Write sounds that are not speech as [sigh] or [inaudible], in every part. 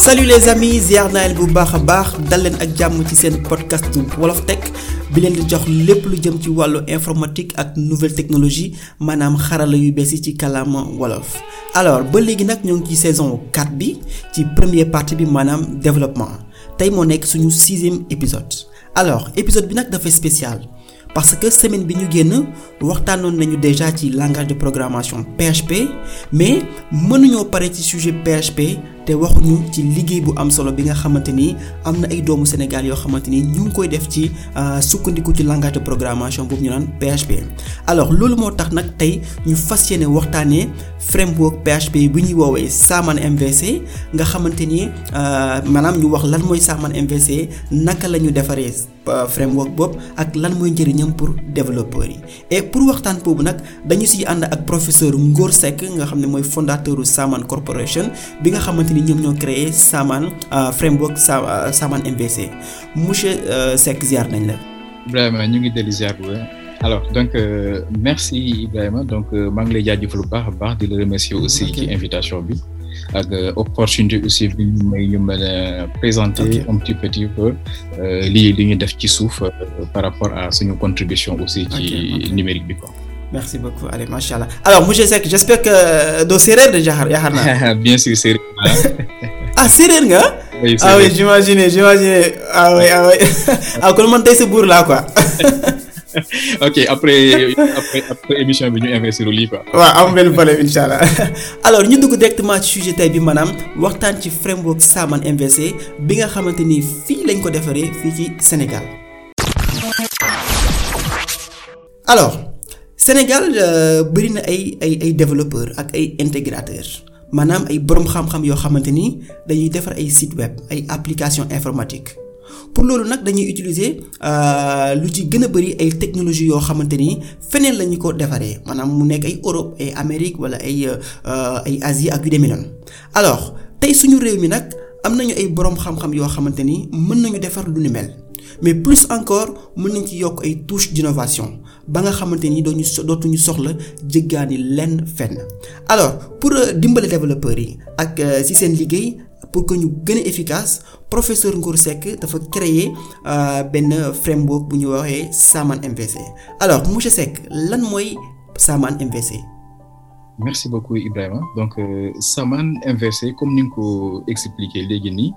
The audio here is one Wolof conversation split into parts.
salut les amis ziar naa leen bu baax a baax dal leen ak jàmm ci seen podcast wolof tech bi leen di jox lépp lu jëm ci wàllu informatique ak nouvelle technologie maanaam xarala yu bees yi ci kàllaama wolof. alors ba léegi nag ñoo ngi ci saison 4 bi ci premier partie bi maanaam développement tey moo nekk suñu sixième épisode alors épisode bi nag dafay spécial parce que semaine bi ñu génn waxtaanoon nañu déjà ci langage de programmation PHP mais mënuñoo pare ci sujet PHP. te waxuñu ci liggéey bu am solo bi nga xamante ni am na ay doomu Sénégal yoo xamante ni ñu ngi koy def ci euh, sukkandiku ci langage de programmation boobu ñu naan PHP. alors loolu moo tax nag tey ñu fas yéene waxtaanee framework PHP bi ñuy woowee Saman MVC nga xamante ni euh, maanaam ñu wax lan mooy Saman MVC naka la ñu defaree euh, framework boobu ak lan mooy njëriñam pour développeurs yi et pour waxtaan boobu nag dañu si ànd ak professeur Ngor Seck nga xam ne mooy fondateur Saman Corporation bi xamante ni ñoom ñoo créé Saman euh, framework euh, Saman MVC monsieur euh, Seck ziar nañ la. Ibrahima ñu ngi dellu ziar bu alors donc euh, merci Ibrahima donc maa ngi lay jaajëfal lu baax a baax di la remercier mm, aussi ci invitation bi. ak opportunité aussi bi ñu may ñu mën a présenter un petit lii li ñu def ci suuf par rapport à suñu contribution aussi ci numérique bi ko merci beaucoup allez macha allah alors monsieur Seck j'espère que euh, doo séeréer de jaxar yaakaar naa. [laughs] bien sûr séeréer [laughs] ah séeréer nga. oui ah, ah, ah, [laughs] ah kon man tey sa buur laa ko ok après après émission bi ñu investir lii ko waa am benn problème incha allah alors ñu dugg directement ci sujet tey bi maanaam waxtaan ci framework saaman MVC bi nga xamante ni fii lañ ko defaree fii ci Sénégal. alors. Sénégal euh, bëri na ay ay ay développeurs ak ay intégrateurs maanaam ay borom xam-xam yoo xamante ni dañuy defar ay site web ay application informatique pour loolu nag dañuy utiliser euh, lu ci gën a bëri ay technologie yoo xamante ni feneen la ñu ko defaree maanaam mu nekk ay Europe ay Amérique wala ay euh, ay Asie ak yu demee alors tey suñu réew mi nag am nañu ay borom xam-xam yoo xamante ni mën nañu defar lu nu mel. mais plus encore mën nañ ci yokk ay touches d'innovation ba nga xamante ni dooñu dootuñu soxla jéggaani lenn fenn alors pour euh, dimbale développeurs yi ak euh, ci seen liggéey pour que ñu gën a efficace professeur Ngoor Seck dafa créer euh, benn framework bu ñu waxee Saman MVC alors monsieur Seck lan mooy Saman MVC. merci beaucoup Ibrahima donc euh, Saman comme ni nga ko expliquer léegi nii.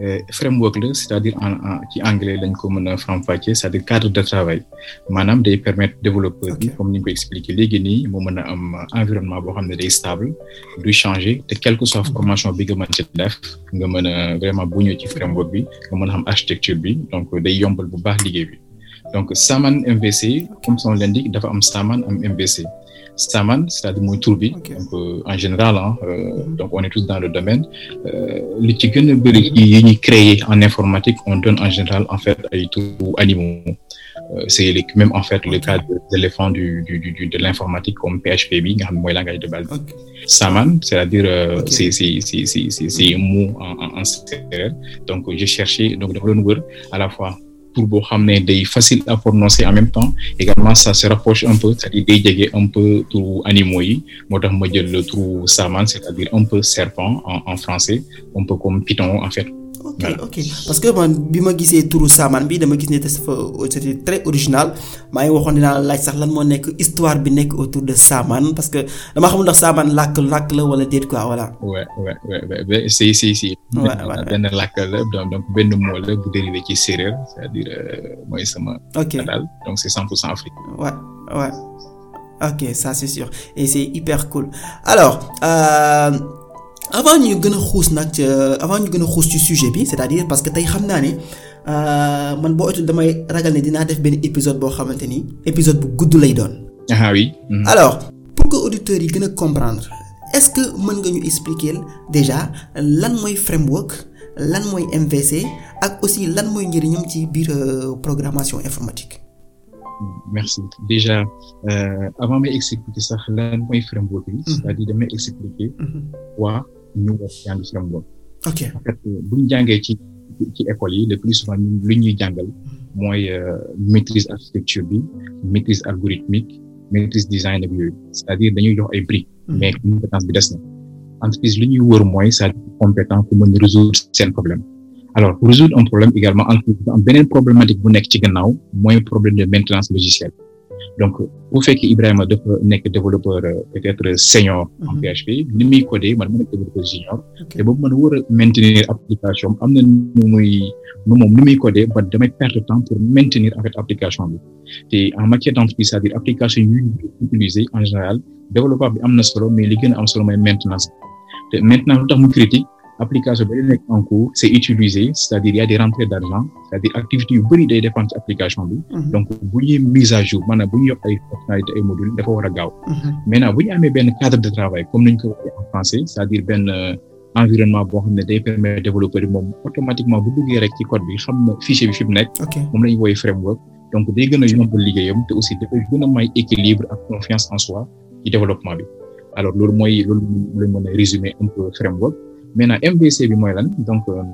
Euh, framework la c'est-à-dire en ci anglais lañ ko mën a faram-fàccee cadre de travail maanaam day permettre développeur bi comme ni ñu ko expliqué léegi nii moo mën a am environnement boo xam ne day stable du changer te quelle que soit formation bi nga mën ci def nga mën a vraiment bu ñëw ci framework bi nga mën a xam architecture bi donc day yombal bu baax liggéey bi donc Saman MVC comme son l'indique dafa am Saman am MVC Saman c'est-à-dire mooy tur bi. Euh, en général euh, donc on est tous dans le domaine euh, li ci gën a bëri yi ñuy créer en informatique on donne en général en fait ay turu animaux. c'est les même en fait le cas de l'éléphant du du du de l'informatique comme PHP bi nga xam mooy langage de base bi. Saman c'est-à-dire c'est c'est mot en en en séeréer donc j'ai cherché donc dafa doon wër à la fois. tour boo xam ne day facile à prononcer en même temps également ça se rapproche un peu c'est-à-dire day jege un animaux yi moo tax ma jël le turu saman c'est-à-dire un peu serpent en en français un peu comme python en fait ok ok parce que man bi ma gisee turu saamaan bi dama gis ne dafa euh, c'était très original maa ngi waxoon dinaa laaj sax lan moo nekk histoire bi nekk autour de saamaan parce que dama xamul ndax saamaan làkk làkk la wala déet quoi voilà. waaw waaw waaw si si si. waaw benn làkk la donc benn mot la bu dérivé ci séeréer c'est-à-dire euh, mooy sama. ok ok ça c'est sûr et c'est hyper cool alors. Euh, avant ñu gën a xuus nag avant ñu gën a xuus ci sujet bi c'est-à-dire parce que tey xam naa ne euh, man boo etul damay ragal ne dinaa def benn épisode boo xamante ni épisode bu gudd lay doon. ah oui. Mhm. alors pour que auditeurs yi gën a comprendre est-ce que mën nga ñu expliquer déjà lan mooy framework lan mooy MVC ak aussi lan mooy njëriñam ci biir euh, programmation informatique. merci déjà euh, avant may expliquer sax lan mooy framework bi. Mhm. c'est-à-dire damay expliquer waa. Mhm. ñu war jàng seen bopp. ok en fait bu ñu jàngee ci ci école yi le plus souvent lu ñuy jàngal mooy euh, maîtrise architecture bi maîtrise algorithmique maîtrise design ak yooyu c'est-à-dire dañuy jox ay briques. Hmm. mais compétence bi des na. entreprise lu ñuy wër mooy c'est-à-dire compétent pour mën résoudre seen problème alors pour résoudre un problème également entreprise beneen problématique bu nekk ci gannaaw mooy problème de maintenance logicielle. donc bu fekkee Ibrahima dafa nekk développeur euh, peut-être senior mhm. en PHP ni muy codé man ma nekk développeur junior te boobu man war a maintenir application am na nu muy nu moom muy codé ba damay perdre temps pour maintenir en fait application bi te en matière d'entreprise c'est-à-dire application yu ñu utiliser en général développeur am na solo mais li gën am solo mooy maintenance te maintenance lu tax mu critique application bi nekk en cours c'est utilisé c'est-à-dire il d'argent c'est-à-dire activité yu bëri day dépendre application bi mhm. donc bu mise à jour maanaam bu yokk ay fonctionnalités dafa war a gaaw mhm. maintenant bu ñu amee benn cadre de travail comme nañu ko waxee en français c'est-à-dire benn euh, environnement boo xam ne day permettre développeur moom automatiquement bu duggee rek ci code bi xam na fi mu nekk moom lañu wooye framework donc day gën a yombal liggéeyam te maintenant MVC bi mooy lan donc euh,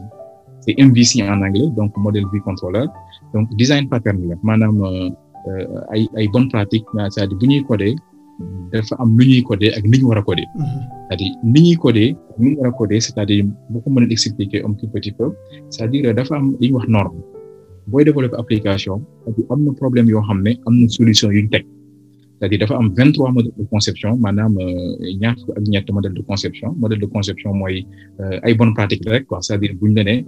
c'est MVC en anglais donc modèle view controller donc design pattern la maanaam euh, ay ay bonnes pratiques euh, cest bu ñuy coder dafa am lu ñuy coder ak ni mhm. ñu war a coder. c'est-à-dire ni ñuy coder ni ñu war a coder cest ko mën a expliquer un tout petit peu cest dire dafa am li ñuy wax norme booy développer application am na problème yoo xam ne am na solution yu ñu teg. cest dire dafa am 23 modèles de conception maanaam euh, ñaar ak ñett modèle de conception modèle de conception mooy euh, ay bonnes pratiques rek quoi cest dire bu ñu la nee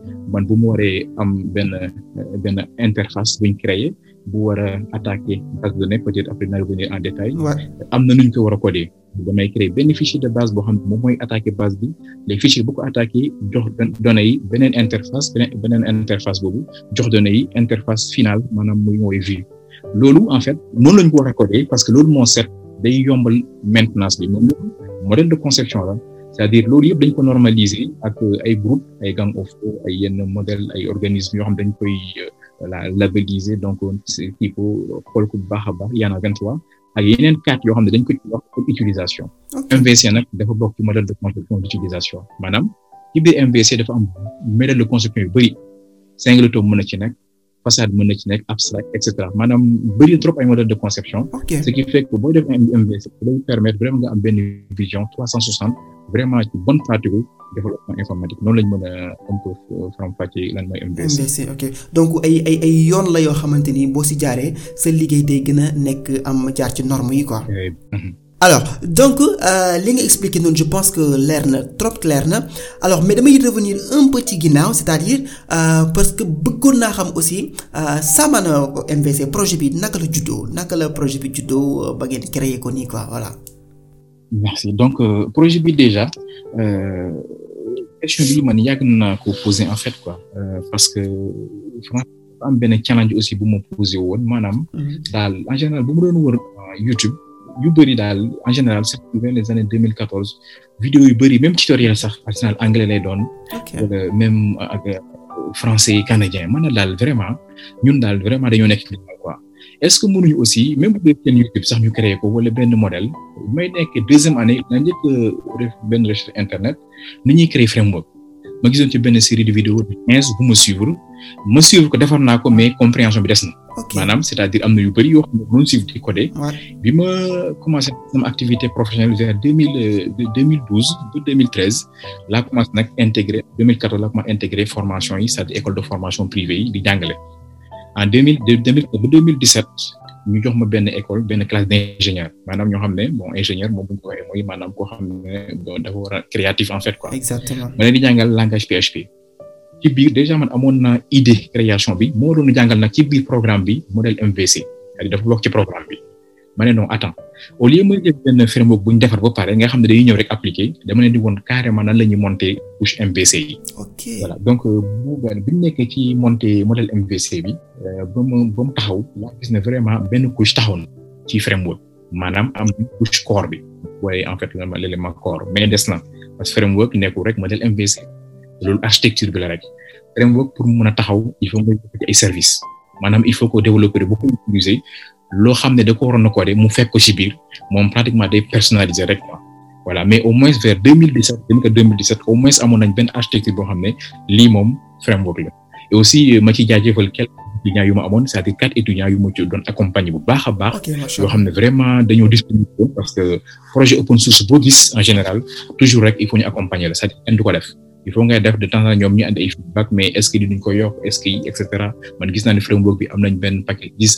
bu mu waree am benn euh, benn interface bu ñu créé war a attaquer base de données peut-être en détail am na nu ko war a coder. damay créer benn de base boo xam ne moom mooy attaquer base bi les fichiers bu ko attaquer jox données yi beneen interface beneen interface boobu jox données yi interface finale maanaam muy mooy vue. loolu en fait noonu la ñu ko war parce que loolu moo set day yombal maintenance bi moom modèle de conception la c'est-à-dire loolu yëpp dañ ko normaliser ak euh, ay groupe ay gang of ay yenn modèle ay organisme yoo xam dañ koy euh, la labelliser donc euh, il faut xool ko bu baax a baax yaana 23 ak yeneen quatre yoo xam ne dañ ko ci wax pour utilisation MVC nag dafa bokk ci modèle de conception d'utilisation maanaam ci biir MVC dafa am modèle de conception yu bëri singleton mën na ci nekk façade mën na ci nekk abstract et cetera maanaam bëri trop ay modèle de conception okay. ce qui fait que booy def MV day permettre vraiment nga am benn vision trois cent soixante vraiment ci bonne pratique informatique noonu lañ mën a un peu euh, faram fàcce lan mooy MVC ok donc ay ay ay yoon la yoo xamante ni boo si jaaree sa liggéey de gën a nekk am jaar ci norme yi quoi eh, mhm. alors donc euh, li nga expliqué noonu je pense que leer na trop clair na alors mais damay revenir un peu ci ginnaaw c'est-à-dire euh, parce que bëggoon naa xam aussi euh, Samana MVC projet bi naka la juddoo naka la projet bi juddoo ba ngeen créé ko nii quoi voilà. merci donc projet bi déjà euh, question bi man yàgg naa ko poser en fait quoi parce que am benn challenge aussi bu ma posé woon maanaam. Mhm. daal en général bu mu doon wër YouTube. yu bëri daal en général surtout vers les années 2014 vidéo yu bëri même tutoriel sax artisanal anglais lay doon wala euh, même ak euh, français canadien man na daal vraiment ñun daal vraiment dañoo nekk quoi est-ce que mënuñu aussi même bu dee seen YouTube sax ñu créé ko wala benn modèle may nekk deuxième année na njëkk euh, def benn recherche internet ni ñuy créé framework ma gisoon ci benn série de vidéo de quinze bu suivre ma suivre ko defar naa ko mais compréhension bi des na. maanaam c'est-à-dire am na yu bëri yoo xam ne di codé. bi ma commencé sama activité professionnelle vers euh, deux mille douze ba deux mille treize laa commencé nag intégré deux commencé intégré formation yi cest à école de formation privée yi di jàngale en deux mille deux mille dix sept ñu jox ma benn école benn classe d'ingénieur maanaam ñoo xam ne bon ingénieur moom bu ñu ko waxee mooy maanaam koo xam ne bon dafa a créatif en fait quoi. exactement ma di jàngal langage PHP. ci biir déjà man amoon na idée création bi moo doon jàngal na ci biir programme bi modèle MVC c'est-à-dire dafa bokk ci programme bi. ma ne non attends au lieu framework bu ñu defar ba pare nga xam ne dañuy ñëw rek appliqué dama leen di woon carrément nan la ñuy monter couche MVC yi. donc euh, bu bu bi ñu ci monter modèle MVC bi euh, ba mu ba mu taxaw laa gis ne vraiment benn couche taxaw na ci framework maanaam am couche core bi waaye en fait l'élément core mais des na parce framework nekkul rek modèle MVC loolu architecture bi la rek framework pour mu mën a taxaw il faut ay services maanaam il faut que développeur bu ko utiliser loo xam ne da ko waroon a codé mu fekk ko ci moom pratiquement day personnalisé rek quoi voilà mais au moins vers 2017 2017 au moins amoon nañ benn architecture boo xam ne lii moom framework la et aussi euh, ma ci jaajëfal quelques étudiants yu ma amoon c'est-à-dire quatre étudiants yu ma ci doon accompagner bu baax a baax. yoo xam ne vraiment dañoo disponible parce que projet open source boo gis en général toujours rek il faut ñu accompagner la c'est-à-dire def. il faut ngay def de temps en ñoom ñu andi ay feedback mais est-ce que yokk est-ce et cetera man gis naa ne framework bi am nañ benn paquet gis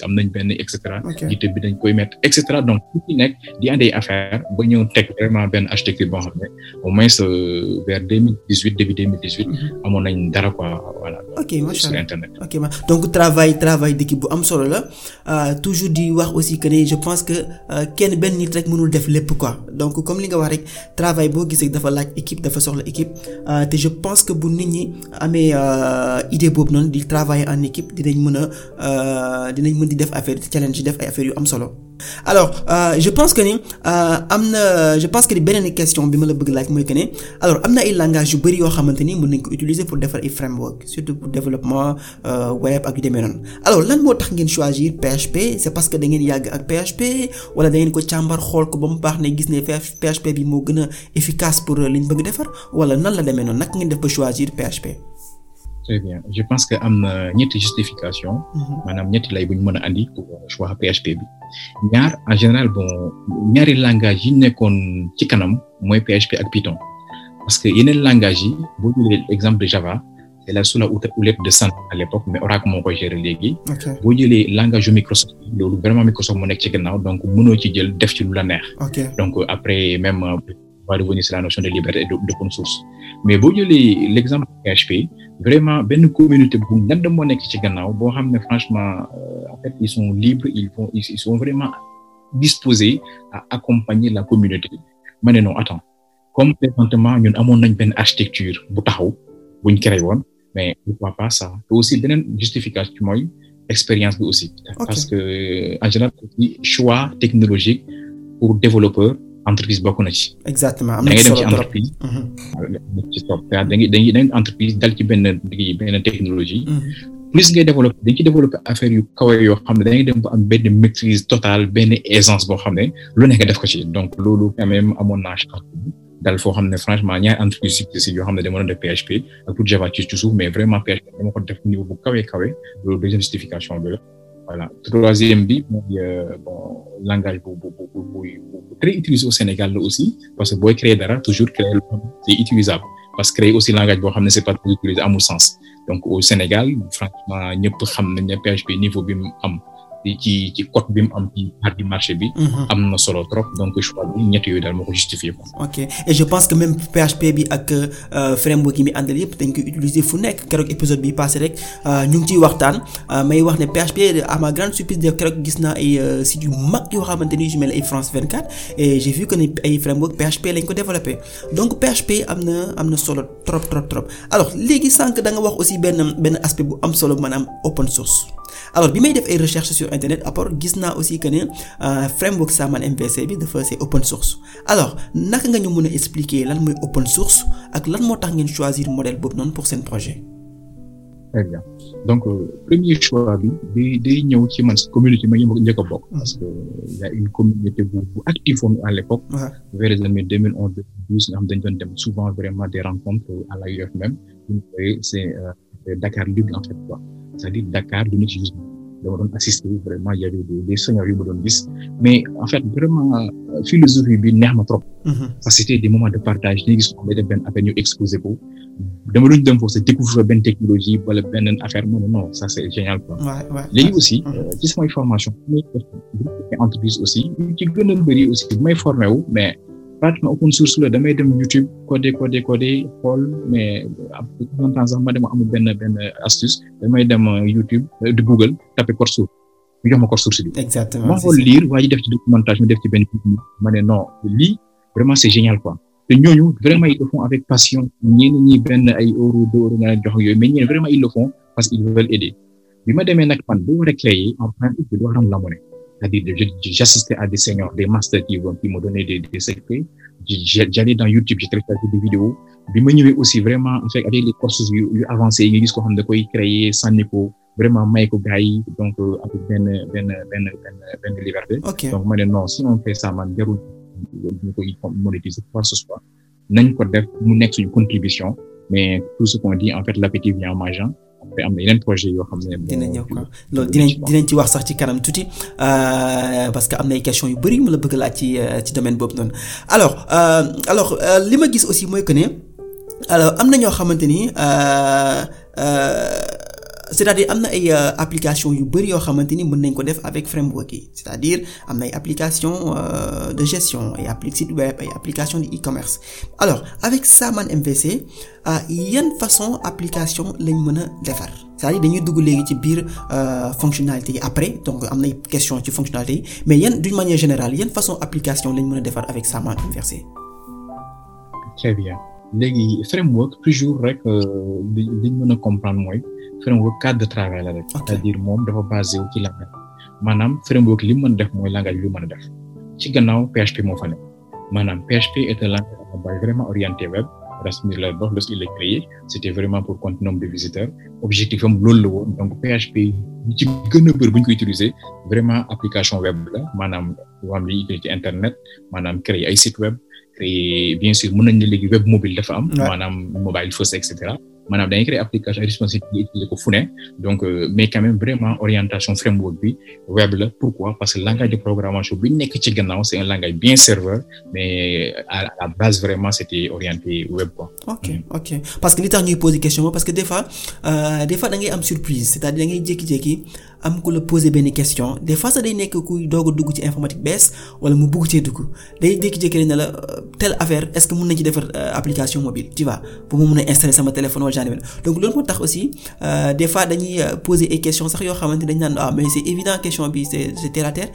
koy mettre et cetera donc ku ba ñëw teg vraiment benn architecture boo xam ne au moins euh, vers deux mille dix huit début deux mille dix mhm. amoon nañ dara quoi voilà. ok macha allah sur internet. ok ma donc travail travail d'équipe bu am solo la euh, toujours di wax aussi que ne je pense que euh, kenn benn nit rek mënul def lépp quoi donc comme li nga wax rek travail boo gisee dafa laaj équipe dafa soxla équipe. je pense que bu nit ñi amee euh, idée boobu noonu di travailler en équipe dinañ mën a euh, dinañ mën di def affaire challenge def ay affaires yu am solo alors euh, je pense que ni euh, am na je pense que ni beneen question bi ma la bëgg laaj mooy que ne alors am na ay langage yu bëri yoo xamante ni mun nañ ko utiliser pour defar ay framework surtout pour développement euh, web ak yu demee noonu alors lan moo tax ngeen choisir PHP c'est parce que da ngeen yàgg ak PHP wala da ko càmbar xool ko ba mu baax ne gis ne PHP bi moo gën a efficace pour liñ bëgg defar wala nan la demee noonu naka ngeen def ba choisir PHP. très bien je pense que am na ñetti justification mhm. maanaam ñetti lay bu ñu mën a andi pour euh, choix PHP bi ñaar en général ñaari langage yi nekkoon ci kanam mooy PHP ak Python parce que yeneen langage yi boo jëlee exemple de Java c'est la sous la houlette de Sun à l'époque mais Oracle moo boo jëlee langage yu Microsoft loolu vraiment Microsoft mu nekk ci gannaaw donc mënoo ci jël def ci lu la neex donc après même euh, on va revenir sur la notion de liberté et d'open source mais boo jëlee l'exemple vraiment benn communauté bu ngand moo nekk ci gannaaw boo xam ne franchement euh, en fait ils sont libres ils sont vraiment disposés à accompagner la communauté ma ne non attends comme présentement ñun amoon nañ benn architecture bu taxaw buñ créé woon mais pourquoi pas ça te aussi beneen justification mooy expérience bi aussi parce que en général choix technologique pour développeur entreprise bokk na ci. exactement am na ci solo trop dem ci entreprise. Mhm. da ci benn benn technologie. Mhm. plus ngay développé dañ ci développé affaire yu kawe yoo xam ne dañuy de ba am benn maîtrise totale benn aisance boo xam ne lu nekk def ko ci donc loolu quand même amoon naa chance dal foo xam ne franchement ñaari entreprise successives yoo xam ne dama doon def PHP ak pour Java ci ci suuf mais vraiment PHP dama ko def niveau bu kawe kawe loolu deuxième justification bi la. voilà troisième bi mooy euh, bon langage bu bu bu bu très utilisé au Sénégal aussi parce que booy créer dara toujours créer loo xam c'est utilisable parce que créer aussi langage boo xam ne c'est pas très utilisé amul sens donc au Sénégal franchement ñëpp xam nañ ne PHP niveau bi am. ci ci code bi mu am ci part du marché bi. Mhm. am na solo trop donc choix bi ñett ko justifié je pense que même PHP bi ak euh, framework yi muy àndal yëpp dañ koy fu nekk keroog épisode bi passé rek euh, ñu ngi ciy waxtaan euh, may wax ne PHP à ma grande gis naa ay sites yu mag yoo xamante ni yu mel ay France 24 et j'ai vu que ne ko développé donc PHP am na am na solo trop trop trop alors léegi sànq da nga wax aussi benn benn aspect bu am solo maanaam open source. alors bi may def ay recherche sur internet apport gis naa aussi que ne euh, framework Saman MVC bi dafa c'est open source alors naka nga ñu mën a expliquer lan mooy open source ak lan moo tax ngeen choisir modèle boobu noonu pour seen projet. donc euh, premier choix bi day ñëw ci man communauté ma njëkk a bokk. Mm. parce que il y a une communauté bu bu active woon à l'époque. Uh -huh. vers deux mille on deux mille douze nga xam dañu doon dem souvent vraiment des rencontres à l'AUF même c'est euh, Dakar Ligue c'est-à-dire Dakar du ma ci gis dama doon assister vraiment y avait des seigneurs doon gis mais en fait vraiment euh, philosophie bi neex ma trop. parce mhm. que c'était des de partage dañuy gis ko xam ne benn affaire ñu exposé ko dama doon dem foofu c'est découvrir benn technologie wala benn affaire non non ça génial quoi. waaw aussi. ci mhm. euh, formation entreprise aussi ci gën a aussi may formé pratiquement open source la damay dem YouTube codé codé codé xool mais longtemps sax ma dem amul benn benn astuce damay dem euh, YouTube euh, di Google tapé code source mu jox ma code source bi. exactement ma xool lire waa ji def ci documentation def ci benn ma ne no lii vraiment c'est génial quoi te ñooñu vraiment ils le font avec passion ñenn ñi benn ay euro deux euro nga leen jox yooyu mais ñenn vraiment ils le font parce qu'ils veulent aider bi ma demee nag man boo war a créer en principe bi war a am C'est-à-dire, j'assistais à des seniors, des masters qui, qui m'ont donné des, des dans YouTube, j'ai téléchargé des vidéos. bi ma aussi vraiment en fait avec ko xam ne da créer sànni ko vraiment may ko gars donc euh, avec benn benn ben benn benn liberté. donc ma ne non si on fait ça man jarul ñu koy monétiser quoi que ce soit mu nekk suñu contribution mais tout ce qu'on dit en fait l'appétit vient en après am projet yoo xam ne. dina ñëw quoi loolu dinañ dinañ ci wax sax ci kanam tuuti euh, parce que am na ay questions yu bëri yu la bëgg laaj ci euh, ci domaine boobu noonu alors euh, alors li ma gis aussi mooy que ne alors am na ñoo xamante ni. c'est-à-dire am na ay euh, application yu bëri yoo xamante ni mën nañ ko def avec framework yi c'est-à-dire am na ay application euh, de gestion ay appli site application de e-commerce alors avec Saman MVC ah, yan façon application lañ mën a defar c'est-à-dire dañuy dugg léegi ci biir euh, fonctionnalité yi après donc am nay question ci fonctionnalité yi mais yan d'une manière générale yan façon application lañ mën a defar avec Saman MVC très bien léegi framework toujours rek liñ mën a comprendre mooy framework cadre de travail la rek. c'est-à-dire moom dafa basé wu ci langage. maanaam framework mën def mooy langage bi mën a def ci gannaaw PHP moo fa nekk maanaam PHP est un langage à base vraiment orienté web Rasmus Lerber vraiment pour compte nombre de am loolu la woon donc PHP ñu ci gën a bëri bu ñu ko utiliser vraiment application web la maanaam wam li ci internet maanaam créer ay site web créer bien mën nañ léegi web mobile dafa am maanaam mobile first et cetera maanaam dañuy créer application responsive bi utiliser ko fu ne donc euh, mais quand même orientation framework bi web la pourquoi parce que langage de programmation bi nekk ci gannaaw c'est un langage bien serveur mais à la base vraiment c'était orienté web quoi. ok ok parce que li tax ñuy poser question parce que des fois euh, am surprise c'est-à-dire da ngay jékki-jékki. am ku la posé benn question des fois sax day nekk kuy doog a dugg ci informatique bees wala mu bugg cee dugg day jékki-jékki ne la euh, telle affaire est-ce que mën nañ ci defar euh, application mobile tu vois bu ma mën a installer sama téléphone wala genre donc euh, fois dañuy poser ay sax yoo xamante dañ naan ah mais c'est évident question bi c'est c'est terre à terre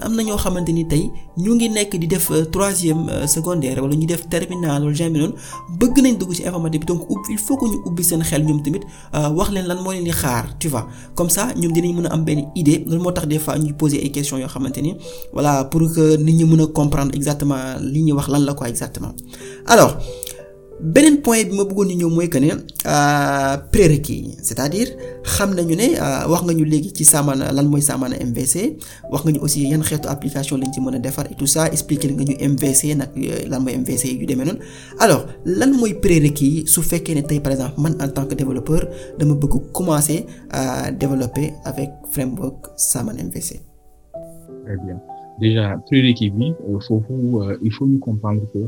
am na ñoo xamante ni tey ñu ngi nekk di def troisième secondaire wala ñu def terminale bëgg nañ dugg ci informatique bi donc il faut que ñu ubbi seen xel ñoom tamit wax leen lan moo leen xaar tu vois comme ça ñoom dinañ mën a am benn idée loolu moo tax des fois ñuy poser ay questions yoo xamante ni voilà pour que nit ñi mën a comprendre exactement li ñuy wax lan la quoi exactement alors beneen point bi ma bëggoon ñu ñëw mooy que ne euh, prérequis yi c'est-à-dire xam nañu ne euh, wax nga ñu léegi ci Saamana lan mooy Saamana MVC wax nga ñu aussi yan xeetu application lañ ci mën a defar et ça expliqué nga ñu MVC nag euh, lan mooy MVC yu demee noonu alors lan mooy prérequis yi su fekkee ne tey par exemple man en tant que développeur dama bëgg commencer à développer avec framework Saamana MVC. très bien déjà prérequis bi foofu il faut ñu comprendre que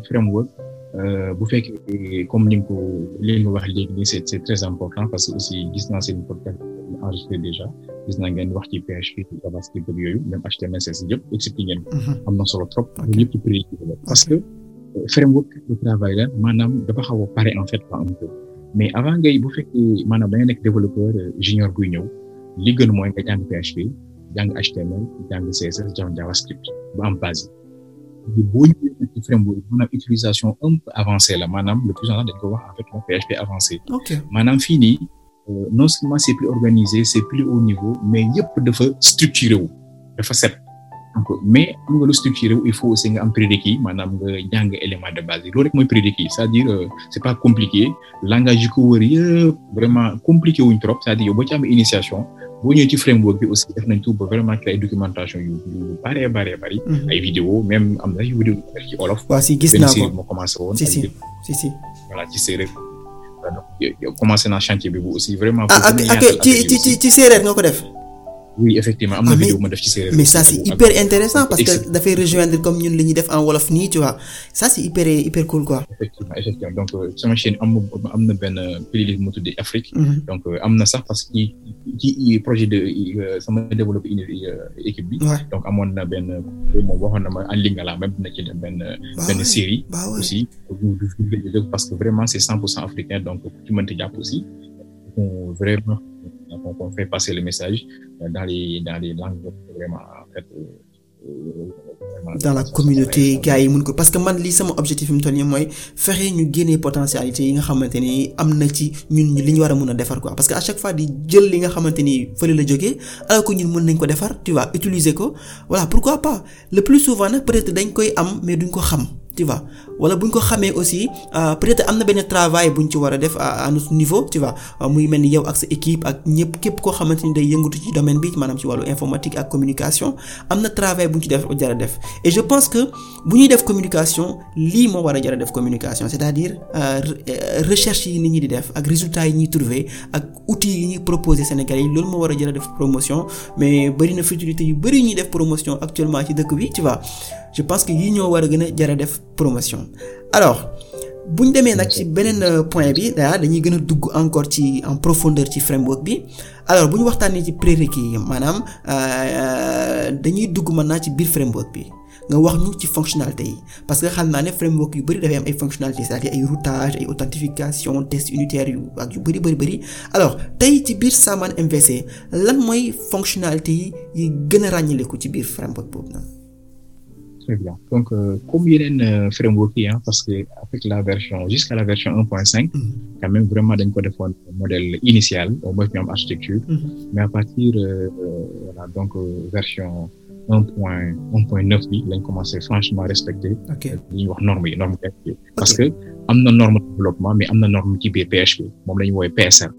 Euh, bu fekkee comme li nga ko li wax léegi nii c'est c'est très important parce que aussi gis naa seen podcast enregistré déjà gis naa ngeen wax ci PHP JavaScript ak yooyu même HTML CSS yëpp expliqué ngeen mhm. am na solo trop ñëpp parce que euh, framework de travail la maanaam dafa xaw a pare en fait pas un peu mais avant ngay bu fekkee maanaam da nga nekk développeur euh, junior buy ñëw li gën mooy nga jàng PHP jàng HTML jàng CSS jàng JavaScript ba am base boo ñëwee nag ci framework maanaam utilisation un avancer la maanaam le plus important dañ ko wax en fait moom PHP avancé. ok maanaam fii nii euh, non seulement c'est plus organisé c'est plus haut niveau mais yëpp dafa structuré wu dafa set. mais am nga lu il faut aussi nga am prérequis maanaam nga jàng élément de base loolu rek mooy prérequis c'est-à-dire euh, c'est pas compliqué langage yu ko wër yëpp vraiment compliqué wuñ trop c'est-à-dire yow boo ci am initiation. boo ñëwee ci framework bi aussi def nañ tout ba vraiment ci ay documentation yu yu bare bare bari. Mhm. ay vidéo même am na yu vidéo olof. waaw si gis naa ko benn série moo commencé woon. si si si si. voilà ci séeréer. donc commencé naa chantier bi bu aussi vraiment. ah ak ak ci ci nga ko def. oui effectivement am na ah, vidéo ma def ci séeréer mais ça c'est hyper intéressant parce que dafay rejoindre comme ñun li def en wolof nii tu vois ça c'est hyper hyper donc euh, mhm. euh, na sax parce que ci projet de euh, sama développé une équipe amoon na benn moom waxoon na ma en la même na ci benn benn parce que vraiment c'est 100 pour cent africain donc ku ci mënti jàpp aussi vraiment. donc on fait passer le message dans les dans les langues vraiment en eh, fait. dans communauté eh, gars yi eh, mun ko parce que man li sama objectif fi mu toll nii mooy fexe ñu génnee potentialité yi nga xamante ni am na ci ñun li ñu war a mun a defar ko parce que à chaque fois di jël li nga xamante ni fële la jógee alors que ñun mën nañ ko defar tu utiliser ko voilà pourquoi pas le plus souvent nag peut-être dañ koy am mais duñ ko xam tu wala bu ñu ko xamee aussi euh, peut-être am na benn travail bu ñu ci war a def à notre niveau tu vois euh, muy mel ni yow ak sa équipe ak ñëpp képp koo xamante ni day yëngatu ci domaine bi maanaam ci wàllu informatique ak communication am na travail bu ñu ci def jara def et je pense que bu ñuy def communication lii moo war a jara def communication c'est-à-dire euh, recherche yi ñi di def ak résultats yi ñuy ak outils yi ñuy proposer Sénégalais yi loolu moo war a jara def promotion mais bari na futurité yu bari ñuy def promotion actuellement ci dëkk bi tu vois je pense que yii ñoo war a gën a jara def promotion alors bu ñu demee nag ci beneen euh, point bi daa ah, dañuy gën a dugg encore ci en profondeur ci framework bi alors bu ñu waxtaanee ci prérequis yi maanaam euh, euh, dañuy dugg man naa ci biir framework bi nga wax ñu ci fonctionnalité yi parce que xam naa ne framework yu bëri dafay am ay fonctionnalité c'est-à-dire ay routage ay authentification test yu ak yu bëri bëri bëri alors tey ci biir Saman MVC lan mooy fonctionnalité yi yi gën a ràññileku ci biir framework boobu na très bien donc euh, comme yeneen euh, framework yi parce que avec la version jusqu'à la version 1.5 mhm. quand même vraiment dañ ko defoon modèle initial au moins ñu am architecture mhm. mais à partir euh, donc version un point un point neuf bi lañ commencé franchement respecter li ñuy wax normes yi norme parce que am na norme de développement mais am na norme ci biir PHP moom la ñu woowee PSR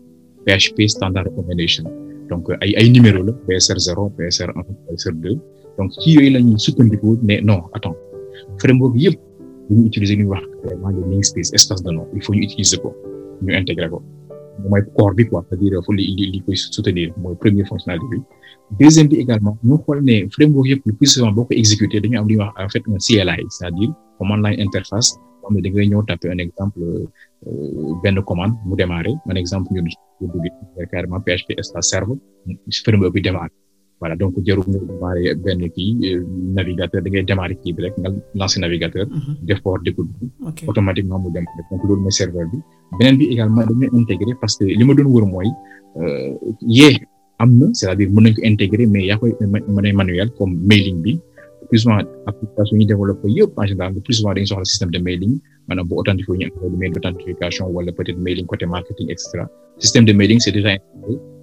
PHP standard recommendation donc ay numéro la PSR zéro PSR un PSR donc ci yooyu la ñuy sukkandiku ne non attends framework yëpp bu ñu utiliser li ñuy wax vraiment le naming space espace de nom il ñu utiliser ko ñu intégrer ko mooy corps bi quoi cest à li li li koy soutenir mooy première fonctionnalité bi deuxième bi également ñu xool ne framework yëpp le plus souvent boo ko exécuté dañu am li wax en fait un CLI c'est-à-dire command line interface boo xam ne ñëw taper un exemple benn commande mu démarrer un exemple ñu dugg carrément PHP espace serve framework bi démarrer voilà donc jarul nga démarrer benn kii euh, navigateur da ngay démarrer kii bi rek nga lancer navigateur. Mhm. def port d'écoute bi. automatiquement mu dem donc loolu mooy serveur bi. beneen bi également dañu intégré parce que li ma doon wër mooy euh, yee am na c'est-à-dire mën nañu ko intégrer mais yaa koy mën manuel comme mailing bi. plus souvent application yi développé yëpp en général plus souvent dañu soxla système de mailing maanaam bu authentifié wala peut mailing côté marketing et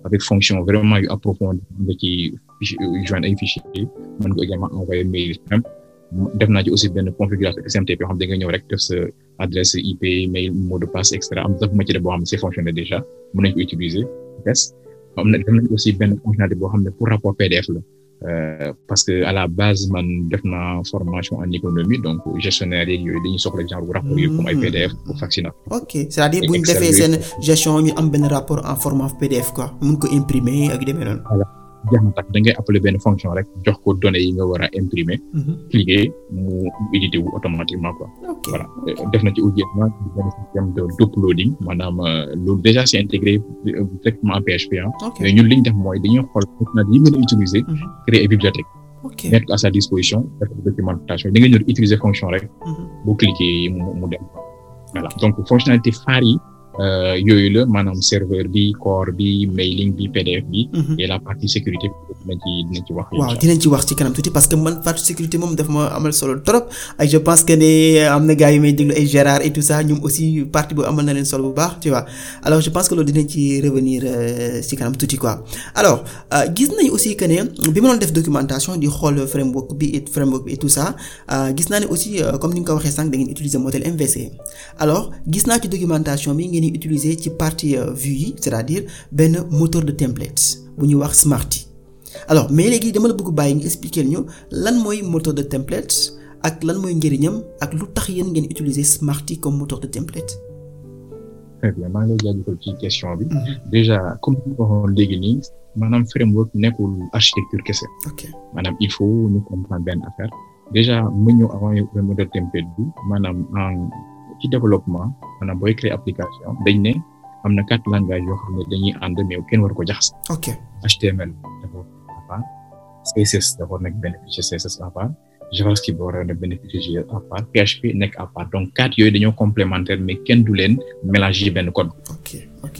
avec fonction vraiment yu approfondi nga ci joindre ay fichier mën nga également envoyer mail def naa ci aussi benn configuration SMTP xam da nga ñëw rek def sa adresse IP mail mot de passe et am daf ma ci boo xam ne c'est fonctionné déjà mën nañ ko utiliser des am na def nañ aussi benn fonctionnalité boo xam ne pour rapport PDF la Euh, parce que à la base man def naa formation en économie donc gestionnaire yeeg yooyu dañuy soxla genre bu rapport yooyu comme ay hmm. PDF pour vaccinat. ok c'est-à-dire ñu defee seen gestion ñu am benn rapport en format PDF quoi mun ko imprimer ak demee noonu. jeex na takk da ngay appeler benn fonction rek jox ko données yi nga war a imprimer. Mhm. cliquer mu édité wu automatiquement quoi. voilà euh, def na ci également benn système de d'uploading maanaam euh, loolu déjà c'est intégré euh, directement en PHP ah. mais ñun li ñu def mooy dañuy xool fonctionnalité yi ngeen di utiliser. Mhm. créer bibliothèque. ok mettre sa disposition def documentation da ngay ñëw utiliser fonction rek. Mhm. bu cliquer mu mu dem. voilà donc fonctionnalité phare Euh, yooyu la maanaam serveur bi core bi mailing bi PDF bi. Mhm. et la partie sécurité dinañ ci dinañ ci wax. waaw dinañ ci wax ci kanam tuuti parce que man partie sécurité moom daf ma amal solo trop ay je pense que ne euh, am na gars yu may déglu ay Gérard et tout ça ñoom aussi partie bu amal na leen solo bu baax tu vois je pense que loolu dinañ ci revenir euh, ci kanam tuuti quoi alors gis nañu aussi que ne bi ma doon def documentation di xool framework bi et framework bi tout ça gis ni ko waxee sànq da ngeen utiliser modèle MVC ñuy utiliser ci partie euh, vue yi c'est-à-dire benn moteur de template bu ñuy wax Smarty alors mais léegi dama la bëgg bàyyi nga expliquer ñu lan mooy moteur de template ak lan mooy njëriñam ak lu tax yéen ngeen utiliser Smarty comme moteur de template. très maa ngi lay ci question bi. Mhm. déjà comme ni ko waxoon maanaam framework nekkul architecture kese. ok maanaam il faut ñu comprendre benn affaire déjà mu ñëw avant moteur template bi maanaam en. ci développement maanaam booy créer application dañ ne am na quatre langage yoo xam ne dañuy ànd mais kenn war ko jaxase. ok HTML dafa à part CSS dafa nekk bénéficier CSS na bénéficier à PHP nekk à part donc quatre yooyu dañoo complémentaire mais kenn du leen mélanger benn code.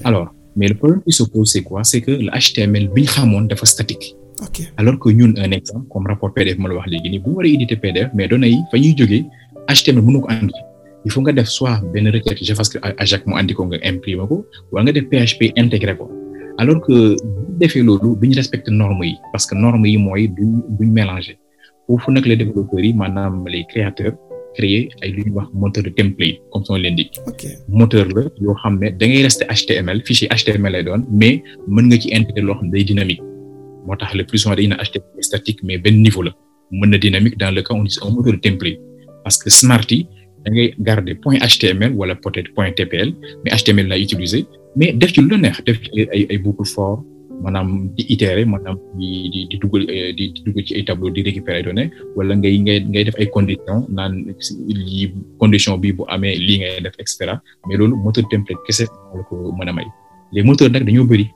alors mais le problème qui se pose c'est quoi c'est que le HTML bi ñu xamoon dafa statique. ok alors que ñun un exemple comme rapport PDF ma wax léegi nii bu war a éditer PDF mais données yi ko andi. il faut nga def soit benn requête JavaScript Ajax mu andi ko nga imprimer ko wala nga def PHP intégré ko alors que bu defee loolu duñu respecter yi parce que normes yi mooy duñ duñ mélanger foofu nag la développeurs yi maanaam les créateurs créer ay lu ñuy wax moteur de template comme son l'indique moteur la yoo xam ne da ngay rester HTML fichier HTML lay doon mais mën nga ci intégrer loo xam ne day dynamique moo tax le plus souvent dañuy naan HTML statique mais benn niveau la mën na dynamique dans le da ngay garder point HTML wala peut-être point TPL mais HTML lay utiliser mais def ci lu neex def ci ay ay boucle for maanaam di itérer maanaam di di di dugal euh, di dugal ci ay tableau di récupérer données wala ngay nga ngay def ay conditions naan lii condition bi bu amee lii ngay def et cetera mais loolu moteur template kese la ko mën a may les moteurs nag dañoo bëri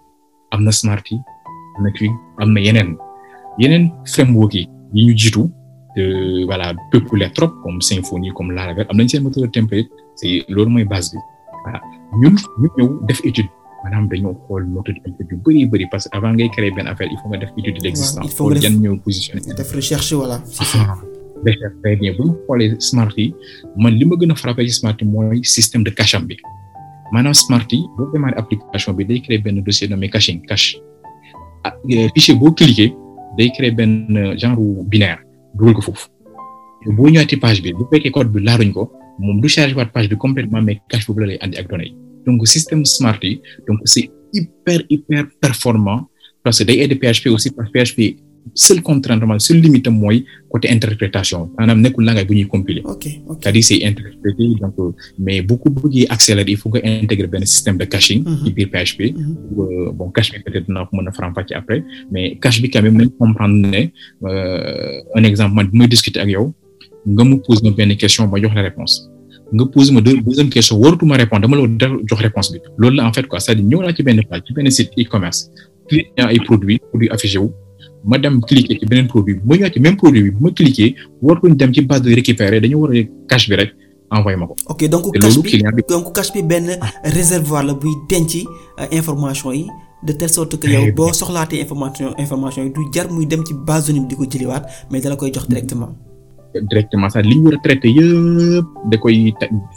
am na Smarty am na Twig am na yeneen yeneen framework yi ñu jiitu. voilà peuplé trop comme symphonie comme Laravel am na nañ seen moteur template c'est loolu mooy base bi voilà ñu ñëw def étude maanaam dañoo xool moteur template yu bëri bëri parce que avant ngay créer benn affaire il faut nga def étude de l'existence. il faut nga xool yan ñëw positionné. def recherche voilà. Ah, yi man li ma gën a frappé ci smart mooy système de cache am bi maanaam smart yi boo démarré application bi day créer benn dossier nommé caching cache ah euh, fichier boo day créer benn euh, genre binaire. dugal ko foofu bu ñëwaat ci page bi bu fekkee code bi laaruñ ko moom du chargé waat page bi complètement mais cache boobu la lay andi ak données yi donc système smart yi donc c'est hyper hyper performant parce que day aide PHP aussi parce que PHP seule contrainte normal seule limite mooy côté interprétation maanaam nekkul langage bu ñuy compiler. ok ok c'est-à-dire mais bu ko bëggee benn système de caching. Mhm. ci biir PHP. Mhm. Euh, bon cache bi peut-être naa ko mën a faram-fàcce après mais cash bi quand même nañ comprendre ne euh, un exemple man bi may discuter ak yow nga mu pose ma benn question ma jox la réponse nga pose ma deuxième question waratuma répondre dama la war jox réponse bi loolu la en fait quoi c'est-à-dire ñëw naa ci benn commerce ay produits produits affichés wu. ma dem cliquer ci beneen produit ma ñëwaat ci même produit bi ma cliquer war ko ñu dem ci base de récupérer dañu war a cash bi rek envoyé ma ko. ok donc cash bi donc cash bi benn ah. réservoir la buy denc euh, information yi de telle sorte que yow eh boo soxlaatee information information yi du jar muy dem ci base de données bi di ko jëliwaat mais dala koy jox directement. directement sax li ñu war a traité yëpp da koy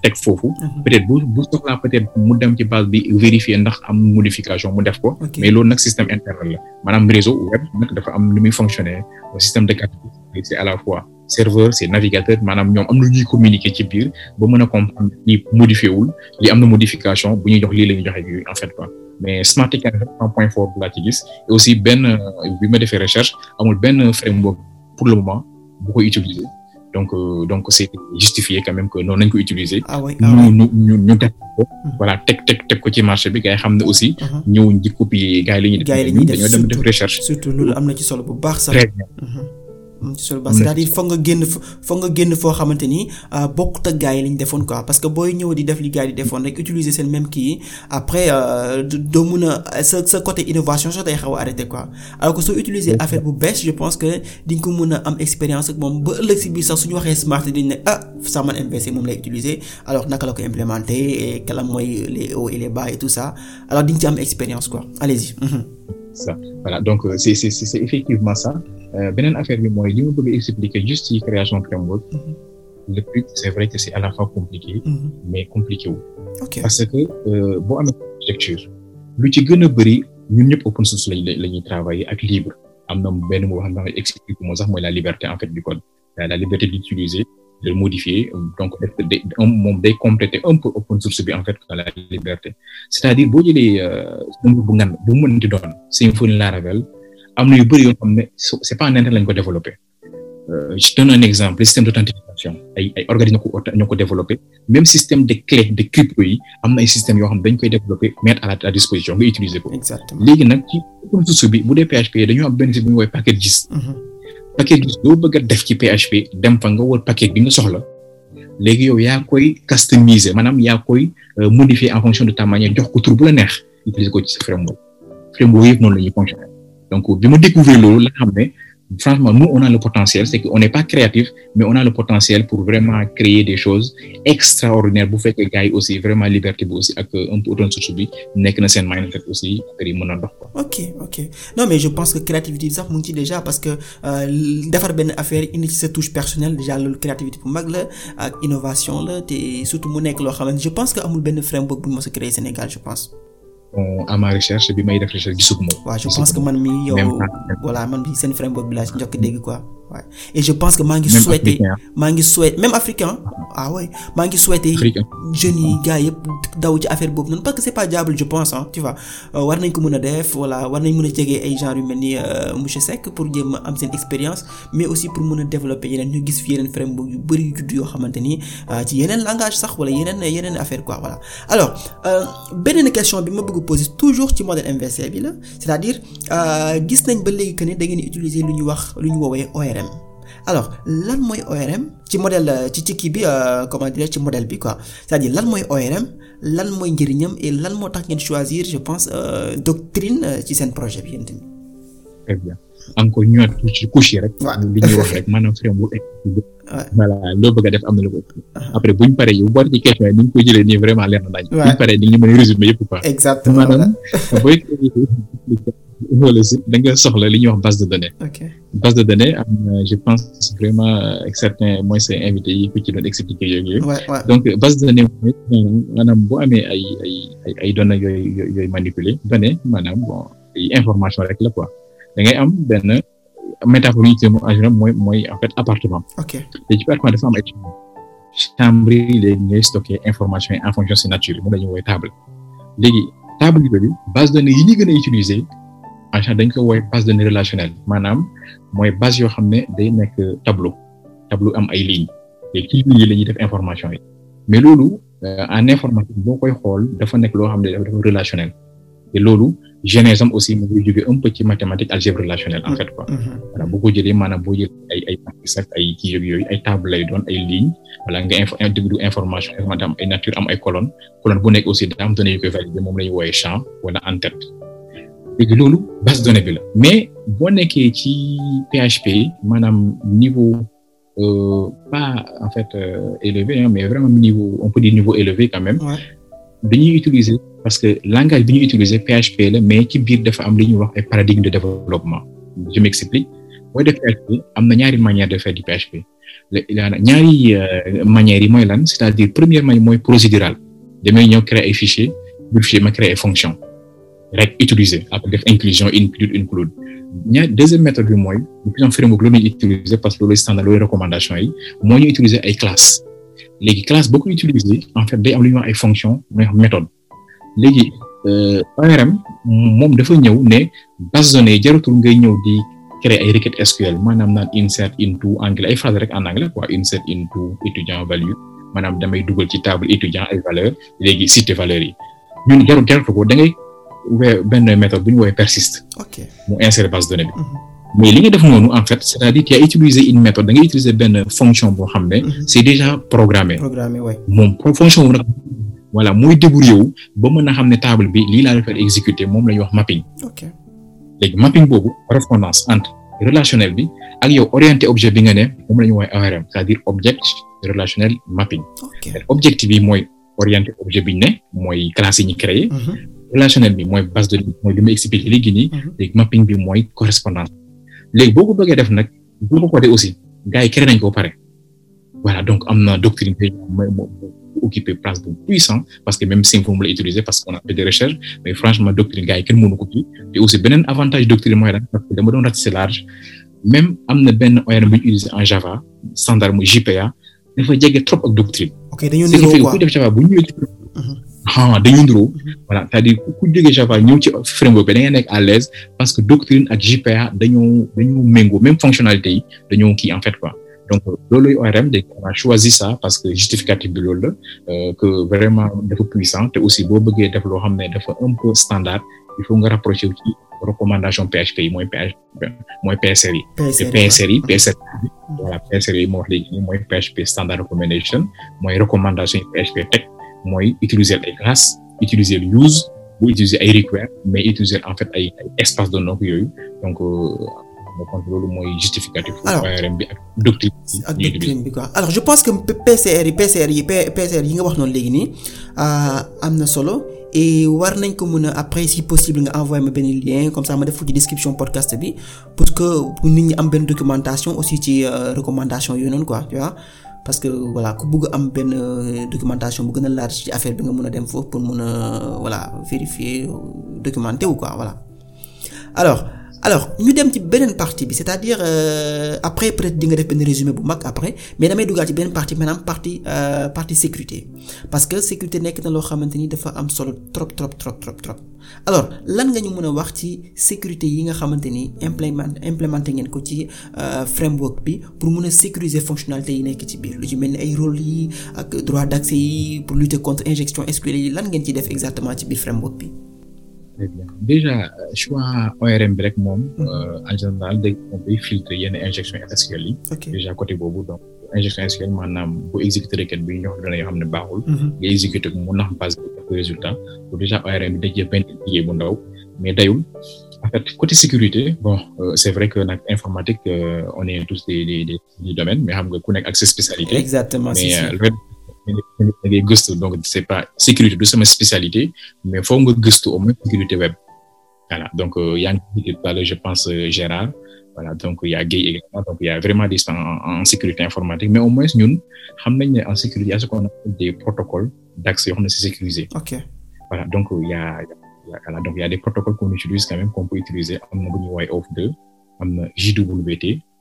teg foofu. Mhm. peut-être bu bu soxlaa peut mu dem ci base bi vérifier ndax am modification mu def ko. mais loolu nag système interne la maanaam réseau web nag dafa am lu muy fonctionner système de carte la fois serveur c'est navigateur maanaam ñoom am na ñuy communiqué ci biir ba mën a comprendre li wul li am na modification bu ñuy jox lii la ñuy joxe en fait quoi. mais Smart Icon en point fort laa ci gis aussi benn euh, bi ma defee recherche amul benn framework pour le moment bu koy donc euh, donc c'est justifié quand même que noonu nañ ko utiliser. Ah ah ñu ñu ñu ko. Mhm. voilà teg teg teg ci marché bi gars yi xam ne aussi. Mhm. ñëwuñ di copier gars yi la ñuy def. dañoo dem def recherche. surtout loolu am na ci solo bu baax sax. ci sol bas c'est-à-dire foog nga génn foog ah, que booy ñëw di def li gars yi di defoon rek utiliser seen même euh, sa day xaw a arrêté quoi affaire bu bees je pense que di nga ko mun a am expérience ak moom ba ëllëg si biir waxee smart dañ ne ah Saman MVC moom lay utiliser alors naka la ko implémenter et kala mooy les hauts et les bas et tout ça alors di nga ci am expérience quoi allez-y. donc euh, c'est c'est effectivement ça. Euh, beneen affaire bi mooy li ma bëgg a expliquer juste ci création framework mhm. le but c'est vrai que c'est à la fois compliqué mhm. mais compliqué wu parce que euh, boo amee architecture lu ci gën a bëri ñun ñëpp open source lañ la ñuy travailler ak libre am na benn moo xam ne explique moo sax mooy la liberté en fait du code la liberté d'utiliser de modifier donc de moom day compléter un peu open source bi en fait la liberté c'est-à-dire boo jëlee euh, bu ngan bu mënti doon Symfony Laravel am na yu bëri yoo xam ne c'est pas en interne lañ ko développé euh, ko développé même système de clé de crypto yi am na ay systèmes yoo xam ne dañ koy développé mettre à la disposition nga utiliser ko. léegi bu dee PHP dañoo am benn système mm-hmm. def ci PHP dem fa nga wër paquet bi nga soxla. léegi yow yaa koy customiser maanaam yaa koy euh, modifier en fonction de ta manière jox ko tur bu la neex utiliser ko ci sa framework framework yëpp noonu la ñuy donc bi ma découvrir loolu la xam ne franchement nous on a le potentiel c'est que on n'est pas créatif mais on a le potentiel pour vraiment créer des choses extraordinaires bu fekk gars aussi vraiment liberté bi aussi ak euh, aussi a dox quoi. ok ok non mais je pense que créativité bi sax mu ngi ci déjà parce que euh, defar benn affaire indi ci sa touche personnelle déjà loolu créativité bu mag la ak innovation la te surtout mu nekk loo xamante je pense que amul benn framework bu mos a bon euh, à ma bi may def recherche gisuguma. gisuguma waaw je que man mi yow. voilà man bi seen framework bi laa ci njëkk dégg quoi. Ouais. Et je pense que maa ngi souhaité maa ngi souhaité même africain ah ouais maa ngi souhaité jeunes yi gars yëpp daw ci affaire boobu noonu parce que c'est pas diable je pense tu vois euh, war nañ ko mën a def voilà war nañ mën a jege ay genre yu mel ni euh, monsieur Seck pour jéem a am seen expérience mais aussi pour mën a développer yeneen ñu gis fi yeneen framework yu bëri yu judd yoo xamante ni euh, ci yeneen langage sax wala yeneen yeneen affaire quoi voilà alors beneen bi ma bëgg poser toujours ci modèle MVC bi la cest à gis nañ ba léegi que ne da ngeen utiliser lu ñuy wax lu ñu woowee ORM ORM alors lan mooy ORM ci modèle euh, ci ci kii bi euh, comment dire ci modèle bi quoi sa à lan mooy ORM lan mooy njëriñam et lan moo tax ngeen choisir je pense euh, doctrine ci seen projet bi yéen tamit. très bien ci couche yi rek. waaw li ñuy wax rek maanaam framework voilà loo bëgg a def am na lu ko uh-huh. après buñ paree yow boo ci question yi ni ñu ko jëlee nii vraiment leer na nañ. buñ paree ni ñu mën a résumer yëpp quoi. exactement maanaam booy. wala si da soxla li ñuy wax base de données. ok base de je pense vraiment ak euh, certains mooy seen invité yi ci doon expliquer yooyu yooyu. donc base de données mooy maanaam boo amee ay ay ay ay données yooyu yooyu manipuler information rek la quoi da ngay am benn métaphore yi ñu en général mooy mooy en fait appartement. ok ci appartement dafa am ay chambre yi stocké information yi en fonction si nature moom la ñu woowee table léegi table base de yi ñu gën a utiliser. en général dañ ko woowee base de données relationnelle maanaam mooy base yoo xam ne day nekk tableau tableau am ay lignes te ci lignes yi la ñuy information yi mais loolu euh, en informatique boo koy xool dafa nekk loo xam ne dafa relationnel te loolu genèse am aussi mu ngi jóge un peu ci mathématique algèbre relationnelle en fait quoi. Mm-hmm. Mm-hmm. voilà ko jëlee maanaam boo jël ay ay matrices yooyu ay table doon ay lignes wala nga info individu information maanaam ay nature am ay colonnes colonne bu nekk aussi daa am données yu koy moom la ñu woowee champ wala en léegi loolu base donnée bi la mais boo nekkee ci PHP maanaam niveau euh, pas en fait euh, élevé mais vraiment niveau on peut dire niveau élevé quand même. bi ñuy utiliser parce que langage bi ñu utiliser PHP la mais ci biir dafa am li ñuy wax ay paradigme de développement je m'explique booy def PHP am na ñaari manière de faire du PHP ñaari euh, manières yi mooy lan c'est-à-dire première manière mooy procédurale damay ñëw créer ay fichiers bu ma créer ay fonctions. rek utiliser après def inclusion include include ñaar deuxième méthode bi mooy de plus en framework loolu ñuy utiliser parce que loolu standard loolu recommandation yi mooy utiliser ay classes léegi classe boo ko utiliser en fait day am lu ñuy ay fonctions mais méthode léegi ORM euh, moom dafa ñëw ne base de données jarutul ngay ñëw di créer ay requête SQL maanaam naan insert into anglais ay phrase rek en anglais quoi insert into étudiant value maanaam damay dugal ci table étudiant ay valeur léegi cité valeur yi ñun wee benn méthode bu ñu woowee persiste. ok mu insérer base donnée bi. Mhm. mais li nga def noonu en fait c'est-à-dire qu'il a utilisé une méthode da utiliser benn fonction boo xam ne. Mhm. c'est déjà programmé. programmé waay moom fonction boobu nag. voilà mooy wu ba mën a xam ne table bi lii laa la faire exécuter moom la ñuy wax mapping. ok léegi mapping boobu correspondance entre relationnel bi ak yow orienté objet bi nga ne moom la ñuy woowee ORM c'est-à-dire object relationnel mapping. ok bi mooy orienté objet bi ñu ne mooy classe yi ñu mhm. relationnel bi mooy base de données mooy li ma expliqué mhm. léegi mapping bi mooy correspondance. léegi boo bëggee def nag boo ko codé aussi gars yi créé nañ ko ba na doctrine bi mooy occuper place bu puissant que même Symfony moom la utiliser parce qu'on a fait des recherches mais franchement doctrine ko fi beneen avantage doctrine mooy lan dama doon ratisser large même am na benn ORM bu utiliser en Java standard muy JPA dafa jege trop ak doctrine. ok dañoo niroo quoi def Java bu ñu ah dañuy niroo mhm. voilà c'est-à-dire ku jógee ci framework bi da ngay nekk à l'aise parce que Doctrine ak JPA dañoo dañoo méngoo même fonctionnalité yi dañoo kii en fait quoi donc loolu ORM de on a choisi parce que justificatif bi loolu la euh, que vraiment dafa puissant te aussi boo bëggee def loo xam ne dafa un peu standard il faut nga rapprocher ci recommandation PHP yi mooy PH mooy PSR yi. PSR yi PSR yi voilà PSR yi moo wax léegi mooy PHP standard recommendation mooy recommandation PHP teg. mooy utiliser ay classes utiliser use bu utiliser ay require mais utiliser en fait ay ay espace de nom yooyu donc euh, mo loolu mooy justificatif. alors ORM bi ak doctrine ak doctrine bi quoi je pense que PCR yi PCR yi nga wax noonu léegi nii euh, am na solo. et war nañ ko mën a après si possible nga envoyé comme ça ma def ko ci description podcast que nit ñi am benn documentation aussi ci euh, recommandation yooyu noonu quoi tu parce que voilà ku bugg am benn euh, documentation bu gën a large ci affaire bi nga mën a dem foofu pour mën a voilà vérifier euh, documenter ou quoi voilà alors. alors ñu dem ci beneen partie bi c'est-à-dire euh, après peut-être di nga def benn résumé bu mag après mais damay duggaat ci benn partie maanaam partie euh, partie sécurité parce que sécurité nekk na loo xamante ni dafa am solo trop trop trop trop trop alors lan nga ñu mën a wax ci sécurité yi nga xamante ni implémenté implémenté ngeen ko ci euh, framework bi pour mun a sécuriser fonctionnalité yi nekk ci biir lu ci mel ni ay rôle yi ak droit d'accès yi pour lutter contre injection SQL yi lan ngeen ci def exactement ci biir framework bi. très bien déjà euh, choix ORM bi rek moom. Mhm. Euh, en général day moom day filtre yenn injection SQL yi. déjà côté boobu donc injection SQL maanaam bu exécuté requête bi ñoo xam ne yoo xam ne baaxul. Mhm. nga exécuté ko nax base bi résultat déjà ORM bi day jël benn liggéey bu ndaw mais dayul. en fait côté sécurité bon euh, c'est vrai que nag informatique euh, on est tous des des domaines mais xam nga ku nekk ak sa spécialité. exactement da ngay gëstu donc c'est pas sécurité du sama spécialité mais foo nga gëstu au moins sécurité web voilà donc euh, yaa ngi je pense euh, Gérard voilà donc y a Guèye également donc y vraiment des en, en sécurité informatique mais au moins ñun xam nañ ne en sécurité y a ce qu'on appelle des d'accès yoo xam ne sécurisé. ok voilà donc euh, y a voilà donc a des protocoles qu'on utilise quand même peut utiliser am na bu ñuy woowee OAuth am na JWT.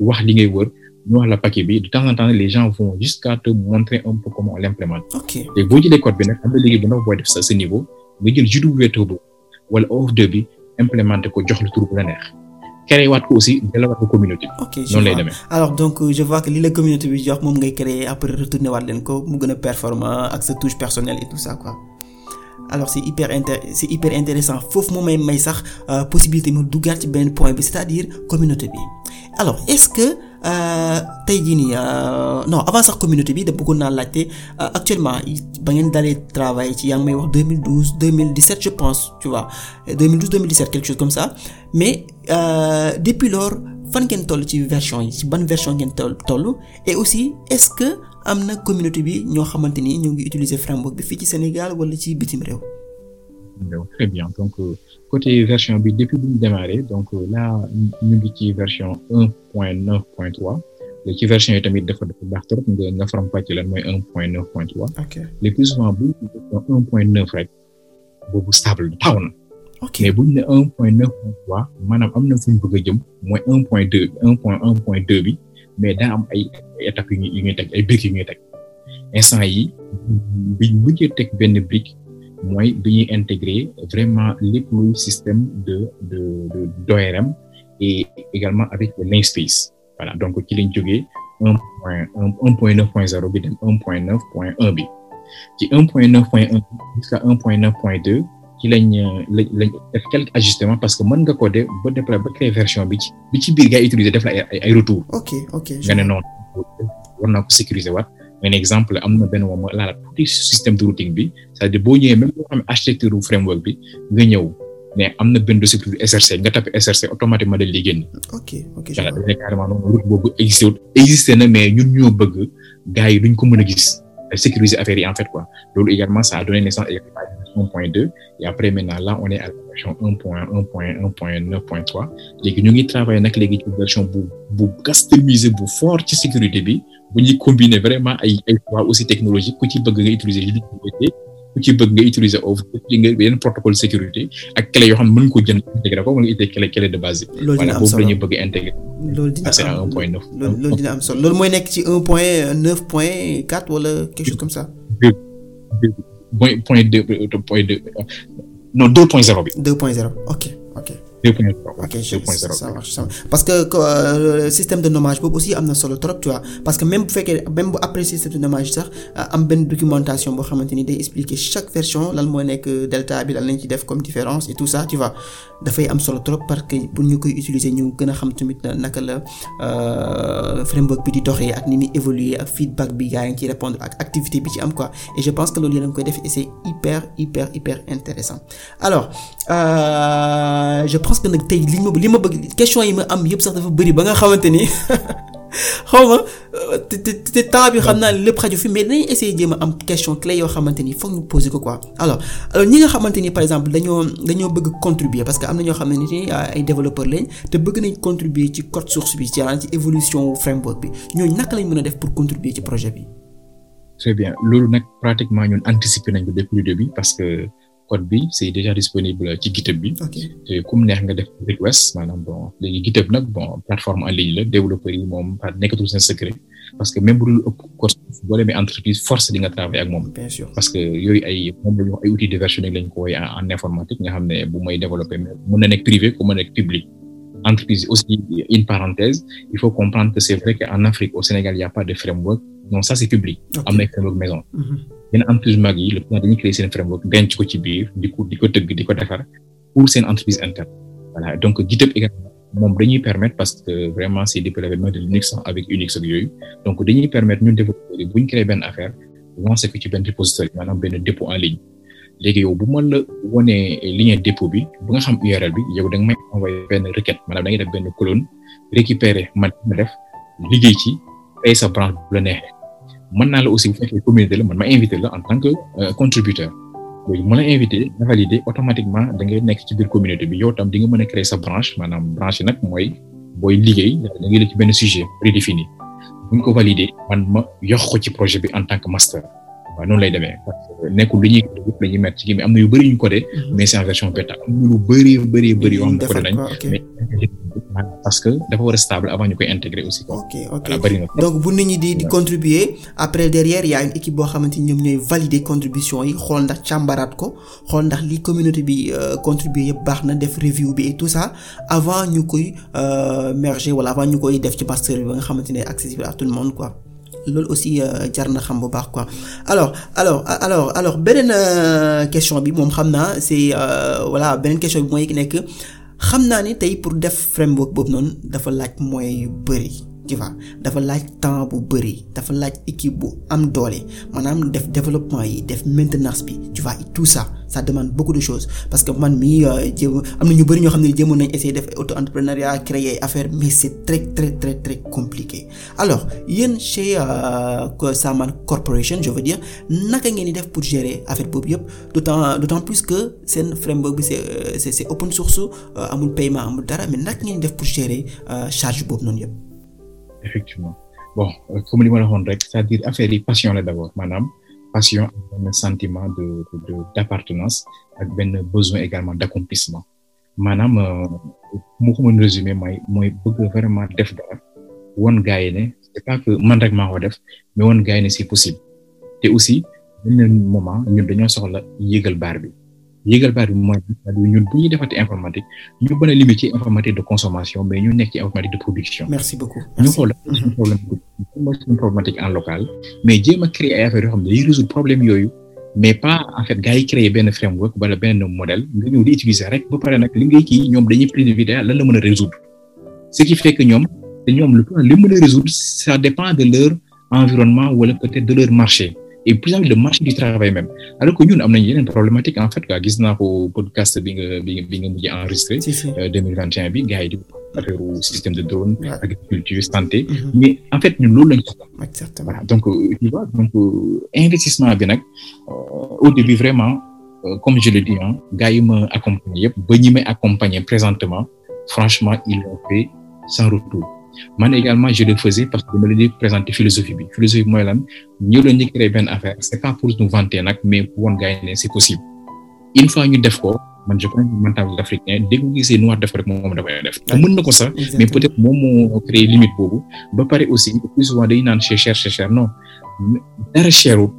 wax li ngay wër ñu wax la paquet bi de temps en temps les gens vont jusqu'à te montrer un peu comment on ok boo jëlee code bi nag am na léegi bu ndaw booy def sa sa nga jël JW boobu wala OF2 bi implémenté ko jox lu tur bu la neex. créé waat ko aussi delloowaat ko communauté ok noonu lay demee. alors donc euh, je vois que li la communauté bi jox moom ngay créer après retourné waat leen ko mu gën a performant ak sa touche personnelle alors c'est hyper inter c'est hyper intéressant foofu moo may may sax euh, possibilité mu duggaat ci benn point bi c'est-à-dire communauté bi alors est-ce que euh, tey jii nii euh, non avant sax communauté bi da bëggoon naa laajte actuellement ba ngeen dalee travail ci yaa ngi may wax 2012 2017 je pense tu vois 2012 2017 quelque chose comme ça mais euh, depuis lors fan ngeen toll ci version yi ci ban version ngeen toll toll et aussi est-ce que am na communauté bi ñoo xamante ni ñoo ngi utiliser framework bi fii ci Sénégal wala ci bitim réew. très bien donc euh, côté version bi depuis bu ñu donc euh, là ñu ngi ci version un point neuf point trois ci version yi tamit dafa dafa baax trop nga nga faram-fàcce mooy un point neuf point trois. ok le plus souvent bu ñu un point neuf rek boobu na. ok mais bu ñu ne un point neuf point trois maanaam am na fu ñu bëgg a jëm mooy un point deux un point un point deux bi. mais daa am ay étapes yu ñuy yu ñuy teg ay briques yu ñuy teg instant yi biñ mujjee teg benn brique mooy bi ñuy intégrer vraiment lépp luy système de de de d'ORM et également avec le namespace voilà donc ci lañ jógee un point un point neuf point zéro bi dem un point neuf point un bi ci un point neuf point un jusqu'à un point neuf point ci lañ euh, lañ lañ def parce que man nga ko def ba def ba créer version bi ci bi ci biir ngay utiliser def la ay ay retour ok ok nga ne noonu war ko sécuriser waat un exemple am na benn moom la tuuti système de routing bi c'est-à-dire boo ñëwee même boo xam ne architecture framework bi nga ñëw mais am na benn dossier pour SRC nga tapé SRC automatiquement dañ lay génn. ok ok voilà dañ ne carrément noonu route boobu existé wut na mais ñun ñoo bëgg gars yi duñ ko mën a gis. sécuriser affaire yi en fait quoi loolu également ça a donné naissance également à un point deux et après maintenant là on est à version un point un point un point neuf point trois léegi ñu ngi travailler nag léegi ci version bu bu customisé bu fort ci sécurité bi bu ñuy combiner vraiment ay ay fois aussi technologique ku ci bëgg nga utiliser ku ci bëgg nga utiliser overcoupling nga yeneen protocole sécurité ak ne mën nga ko jënd intégré ko mën nga utiliser clé clé de base yi. loolu dina am solo voilà boobu la ñuy bëgg mooy nekk ci un point neuf point quatre wala quelque chose comme ça. deux point zéro bi. deux point zéro ok ok. 2.0 ok ça marche ça marche parce que euh, système de nommage boobu aussi am na solo trop tu parce que même bu fekkee même bu après système de nommage sax euh, am benn documentation boo xamante ni day expliquer chaque version lan moo nekk euh, delta bi lan lañ ci def comme différence et tout ça tu vois dafay am solo trop parce que pour ñu koy utiliser ñu gën a xam tamit naka la framework bi di doxee ak ni muy évoluer feedback bi gaa ngi ciy répondre ak activité bi ci am quoi parce que nag tey li ma bëgg question yi ma am yëpp sax dafa bëri ba nga xamante ni [laughs] xaw ma euh, te te temps bi xam naa lépp xaju fi mais dinañ essayer jéem a am question clé yoo xamante ni foog ñu poser ko quoi alors alors ñi nga xamante ni par exemple dañoo dañoo bëgg contribuer parce que am na ñoo xam ne xamante ni euh, ay développeurs lay te bëgg nañ contribuer ci code source bi ci ah, ci évolution framework bi ñooñu naka lañ mën a def pour contribuer ci projet bi. très bien loolu nag pratiquement ñun anticiper nañ ko code bi c'est déjà disponible ci GitHub bi. te ku mu neex nga def request maanaam bon léegi GitHub nag plateforme en ligne la développeur yi moom nekkatul seen secret. parce que même bu dul ëpp code entreprise force di nga travailler ak moom. parce que yooyu ay moom la ay outils de versionning lañ ko woowee informatique nga xam ne bu may développer mën na nekk privé ku nekk public. entreprise aussi une parenthèse il faut comprendre que c'est vrai qu'en Afrique au Sénégal il pas de yenn entreprise mag yi le plan dañuy créer seen framework denc ko ci biir di ko di ko tëgg di ko defar pour seen entreprise interne voilà donc GitHub également moom dañuy permettre parce que vraiment c'est depuis l'avènement de Linux avec Unix ak yooyu donc dañuy permettre ñun développeurs yi bu ñu créer benn affaire lancer ko ci en ligne léegi yow bu ma la wonee lien bi bu nga xam URL bi yow da nga may envoyé benn requête maanaam da ngay benn colonne récupérer man ma def liggéey ci ay sa branche bu la neexee mën naa la aussi bu fekkee communauté la man ma invité la en tant que euh, contributeur léegi ma invité nga validé automatiquement da ngay nekk ci biir communauté bi yow tam di nga mën a créer sa branche maanaam branche nag mooy booy liggéey da ngay la ci benn sujet prédéfini bu ñu ko validé man ma yox ko ci projet bi en tant que master. waaw noonu lay demee parce que nekkul li ñuy codé ci kii am na yu bëri yu ñu codé mhm. mais c'est en version lu bëri bëri bëri yoo xam ne codé nañ mais parce que dafa war a stable avant ñu koy intégrer aussi quoi ok ok bëri donc bu nit ñi di di contribuer après derrière y équipe boo xamante ni ñoom ñooy valider contribution yi xool ndax càmbaraat ko xool ndax li communauté bi euh, contribuer yëpp baax na def review bi et tout ça avant ñu koy euh, merger wala avant ñu koy def ci master bi ba nga xamante ne accessible à tout le monde quoi loolu aussi euh, jar na xam bu baax quoi alors alors alors alors beneen euh, question bi moom xam naa si euh, voilà beneen question bi mooy nekk xam naa ni tey pour def framework boobu noonu dafa laaj mooy bëri. tu dafa laaj temps bu bëri dafa laaj équipe bu am doole maanaam def développement yi def maintenance bi tu vois tout ça ça demande beaucoup de choses parce que man mi euh, jéem am na ñu bëri ñoo xam ne jéemoon nañ essayer def auto entrepreneuriat créer affaire mais c'est très très très très compliqué alors yéen chez euh, Saman Corporation je veux dire naka ngeen di def pour gérer affaire boobu yëpp d'autant d'autant plus que seen framework bi c'est euh, c'est open s amul paiement amul dara mais naka ngeen def pour gérer charge boobu noonu yëpp. effectivement bon euh, comme li ma la waxoon rek c'est-à-dire affaire yi passion la d'abord maanaam passion ak benn sentiment de d'appartenance ak benn besoin également d'accomplissement maanaam euh, moo ko mën résumer mooy mooy bëgg vraiment def dara woon gars yi ne c'est pas que man rek maa ko def mais woon gars yi ne c'est possible te aussi benn moment ñun dañoo soxla yëgal baar bi yëgal baat bi mooy ñun bu ñuy defati informatique ñu bañ limiter ci informatique de consommation mais ñu nekk ci informatique de production. merci ñu xool problème mooy suñu problématique en local. mais jéem a créer yoo xam ne day problème yooyu mais pas en fait gars yi créer benn framework wala benn modèle nga ñëw di utiliser rek ba pare nag li ngay kii ñoom dañuy privilégié lan la mën a résoudre ce qui fait que ñoom te ñoom lu li mën a résoudre ça dépend de leur environnement wala peut-être de leur marché. et plus avec le marché du travail même alors que ñun am nañu yeneen problématique en fait quoi gis naa ko podcast bi nga bi bi euh, bi gars di système de drone. agriculture santé. Mm-hmm. mais en fait ñun loolu lañ soxla. exactement voilà donc euh, tu euh, investissement bi nag au début vraiment comme je le dis ah gars yi ma accompagné yëpp ba ñi may présentement franchement ils l'ont fait sans retour. man également je le parce que dama leen di présenter philosophie bi philosophie bi lan ñëw la benn affaire c'est pas pour nous vanter mais pour woon gars yi ne c'est possible une fois ñu def ko man je pense que mental africain dès que gisee noir def rek moom dafay def. mën na ko sax mais peut-être moom moo créé limite boobu ba pare aussi plus souvent dañu naan cher cher cher dara cherul.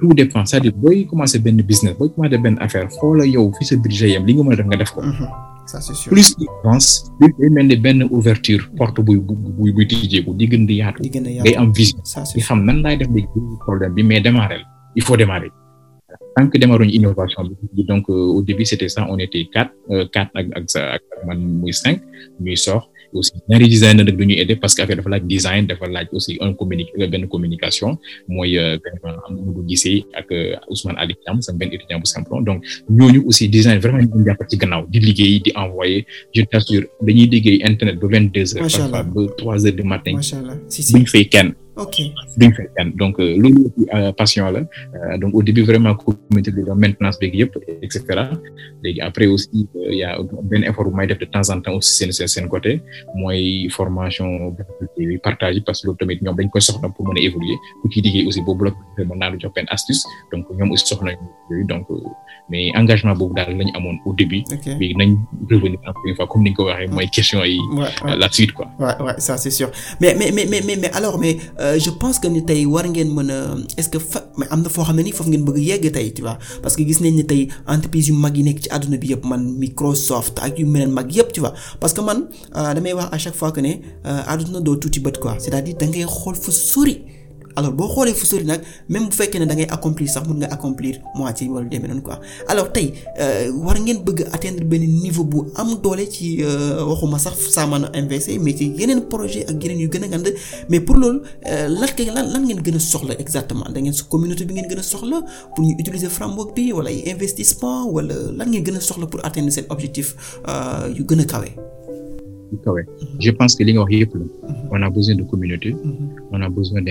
tout dépend cest à commencer benn business booy commencer benn affaire a def ça c'est sûr plus il avance plus day mel ni benn ouverture porte buy buy buy tijjeeku di gën di yaatu. di gën a yaatu day am vision. di xam nan laay def di problème bi mais démarrer il faut démarrer. tant que démarruñu innovation bi donc euh, au début c'était ça on était quatre euh, quatre ak ak ak muy cinq ñuy sox. aussi ñaari designer nag du ñu aider parce que affaire dafa laaj design dafa laaj aussi un communique euh, benn communication mooy euh, benn am ak euh, Ousmane Ali Thiam sama benn étudiant bu Simplon donc ñooñu aussi design vraiment ñu ngi jàpp ci di liggéey di envoyer je t'assure dañuy liggéey internet ba vingt deux heures ba trois heures du matin buñ fay ok duñ fay kenn donc euh, loolu euh, passion la euh, donc au début vraiment comité de maintenance beeg yëpp et cetera léegi après aussi y' a benn effort bu may def de temps en temps aussi seen seen côté mooy formation bi partage parce que loolu tamit ñoom dañ koy soxla pour mën a évoluer ku ciy liggéey aussi boobu la mën naa la donc ñoom soxla donc mais engagement boobu daal lañ amoon au début. bi nañ revenir encore une fois comme ni nga ko waxee mooy question yi. la suite mais mais alors mais. Euh, je pense que ni tey war ngeen mën a est-ce que fa am na foo xam ne ni foofu ngeen bëgg yegg tey tu vois parce que gis nañ ne tey entreprise yu mag yi nekk ci àdduna bi yëpp man Microsoft ak yu meneen mag yëpp tu vois parce que man euh, damay wax à chaque fois que ne euh, àdduna doo tuuti bët quoi c'est-à-dire da ngay xool fu sori. alors boo xoolee fu sori nag même bu fekkee ne da ngay accomplir sax mun nga accomplir moitié bi wala demee noonu quoi alors tey euh, war ngeen bëgg atteindre benn niveau bu am doole ci euh, waxuma sax saamaana investir mais ci yeneen projet ak yeneen yu gën a ngand mais pour loolu euh, lan lan lan ngeen gën a soxla exactement da ngeen su communauté bi ngeen gën a soxla pour ñu utiliser framework bi wala ay investissement wala lan ngeen gën a soxla pour atteindre seen objectif yu gën a kawe. kawe je pense que li nga wax yëpp la mm-hmm. on a besoin communauté. Mm-hmm. on a besoin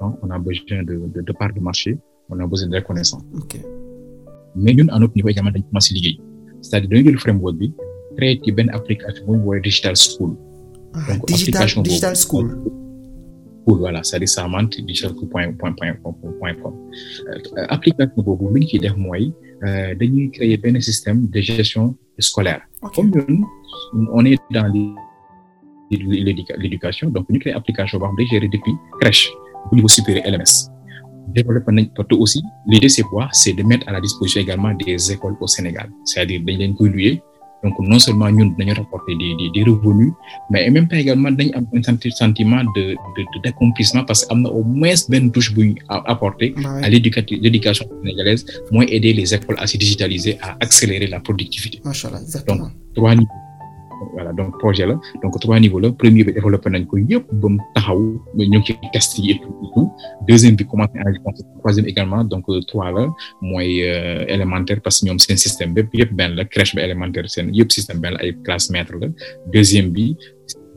Donc, on a besoin de, part de marché, on a de reconnaissance. mais ñun à notre niveau également dañu commencé liggéey cest dañu jël framework bi créé ci benn application bu ñu woowee digital school. Ah, donc digital digital school. voilà c'est-à-dire Samant digital school point point point com. Euh, application boobu li ñu ciy def mooy euh, dañuy créer benn système de gestion scolaire. Okay. comme ñun on est dans l'éducation donc ñu créé application boo xam ne day gérer depuis crèche. au niveau supérieur LMS. développé nañ partout aussi l'idée c'est quoi c'est de mettre à la disposition également des écoles au Sénégal c'est-à-dire dañ leen koy louer donc non seulement ñun dañu rapporter des revenus mais en même temps également dañ sentiment de d'accomplissement parce que am na au moins benn touche bu ñu apporter à l'éducation l'éducation sénégalaise mooy aider les écoles à se digitaliser à accélérer la productivité. donc voilà donc projet la donc trois niveaux la premier bi développé nañ ko yëpp ba mu taxaw ñu ngi ci test yi deuxième bi commencé à troisième également donc euh, trois la mooy euh, élémentaire parce que ñoom seen système bépp yëpp benn la crèche ba élémentaire seen yëpp système benn ay classe maître la deuxième bi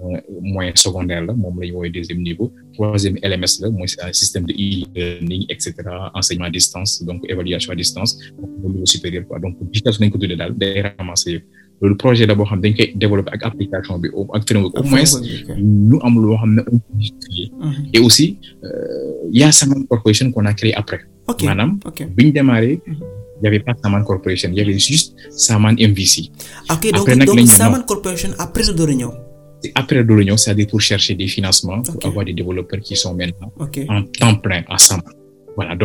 euh, moyen secondaire la moom la ñu woowee deuxième niveau troisième LMS la mooy c'est un système de e-learning et cetera enseignement à distance donc évaluation à distance donc niveau supérieur quoi donc daal day yëpp loolu projet la boo xam dañ koy développer ak application bi au ak framework au loo xam ne mhm. et aussi euh, y a Saman Corporation a créé après. ok ñu démarré. Mhm. y avait pas Saman Corporation y avait juste Saman MVC. ok donc donc Saman Corporation après la doole ñëw. après doole ñëw c'est-à-dire pour chercher des financements. pour avoir des développeurs qui sont en temps plein à Saman. Euh, a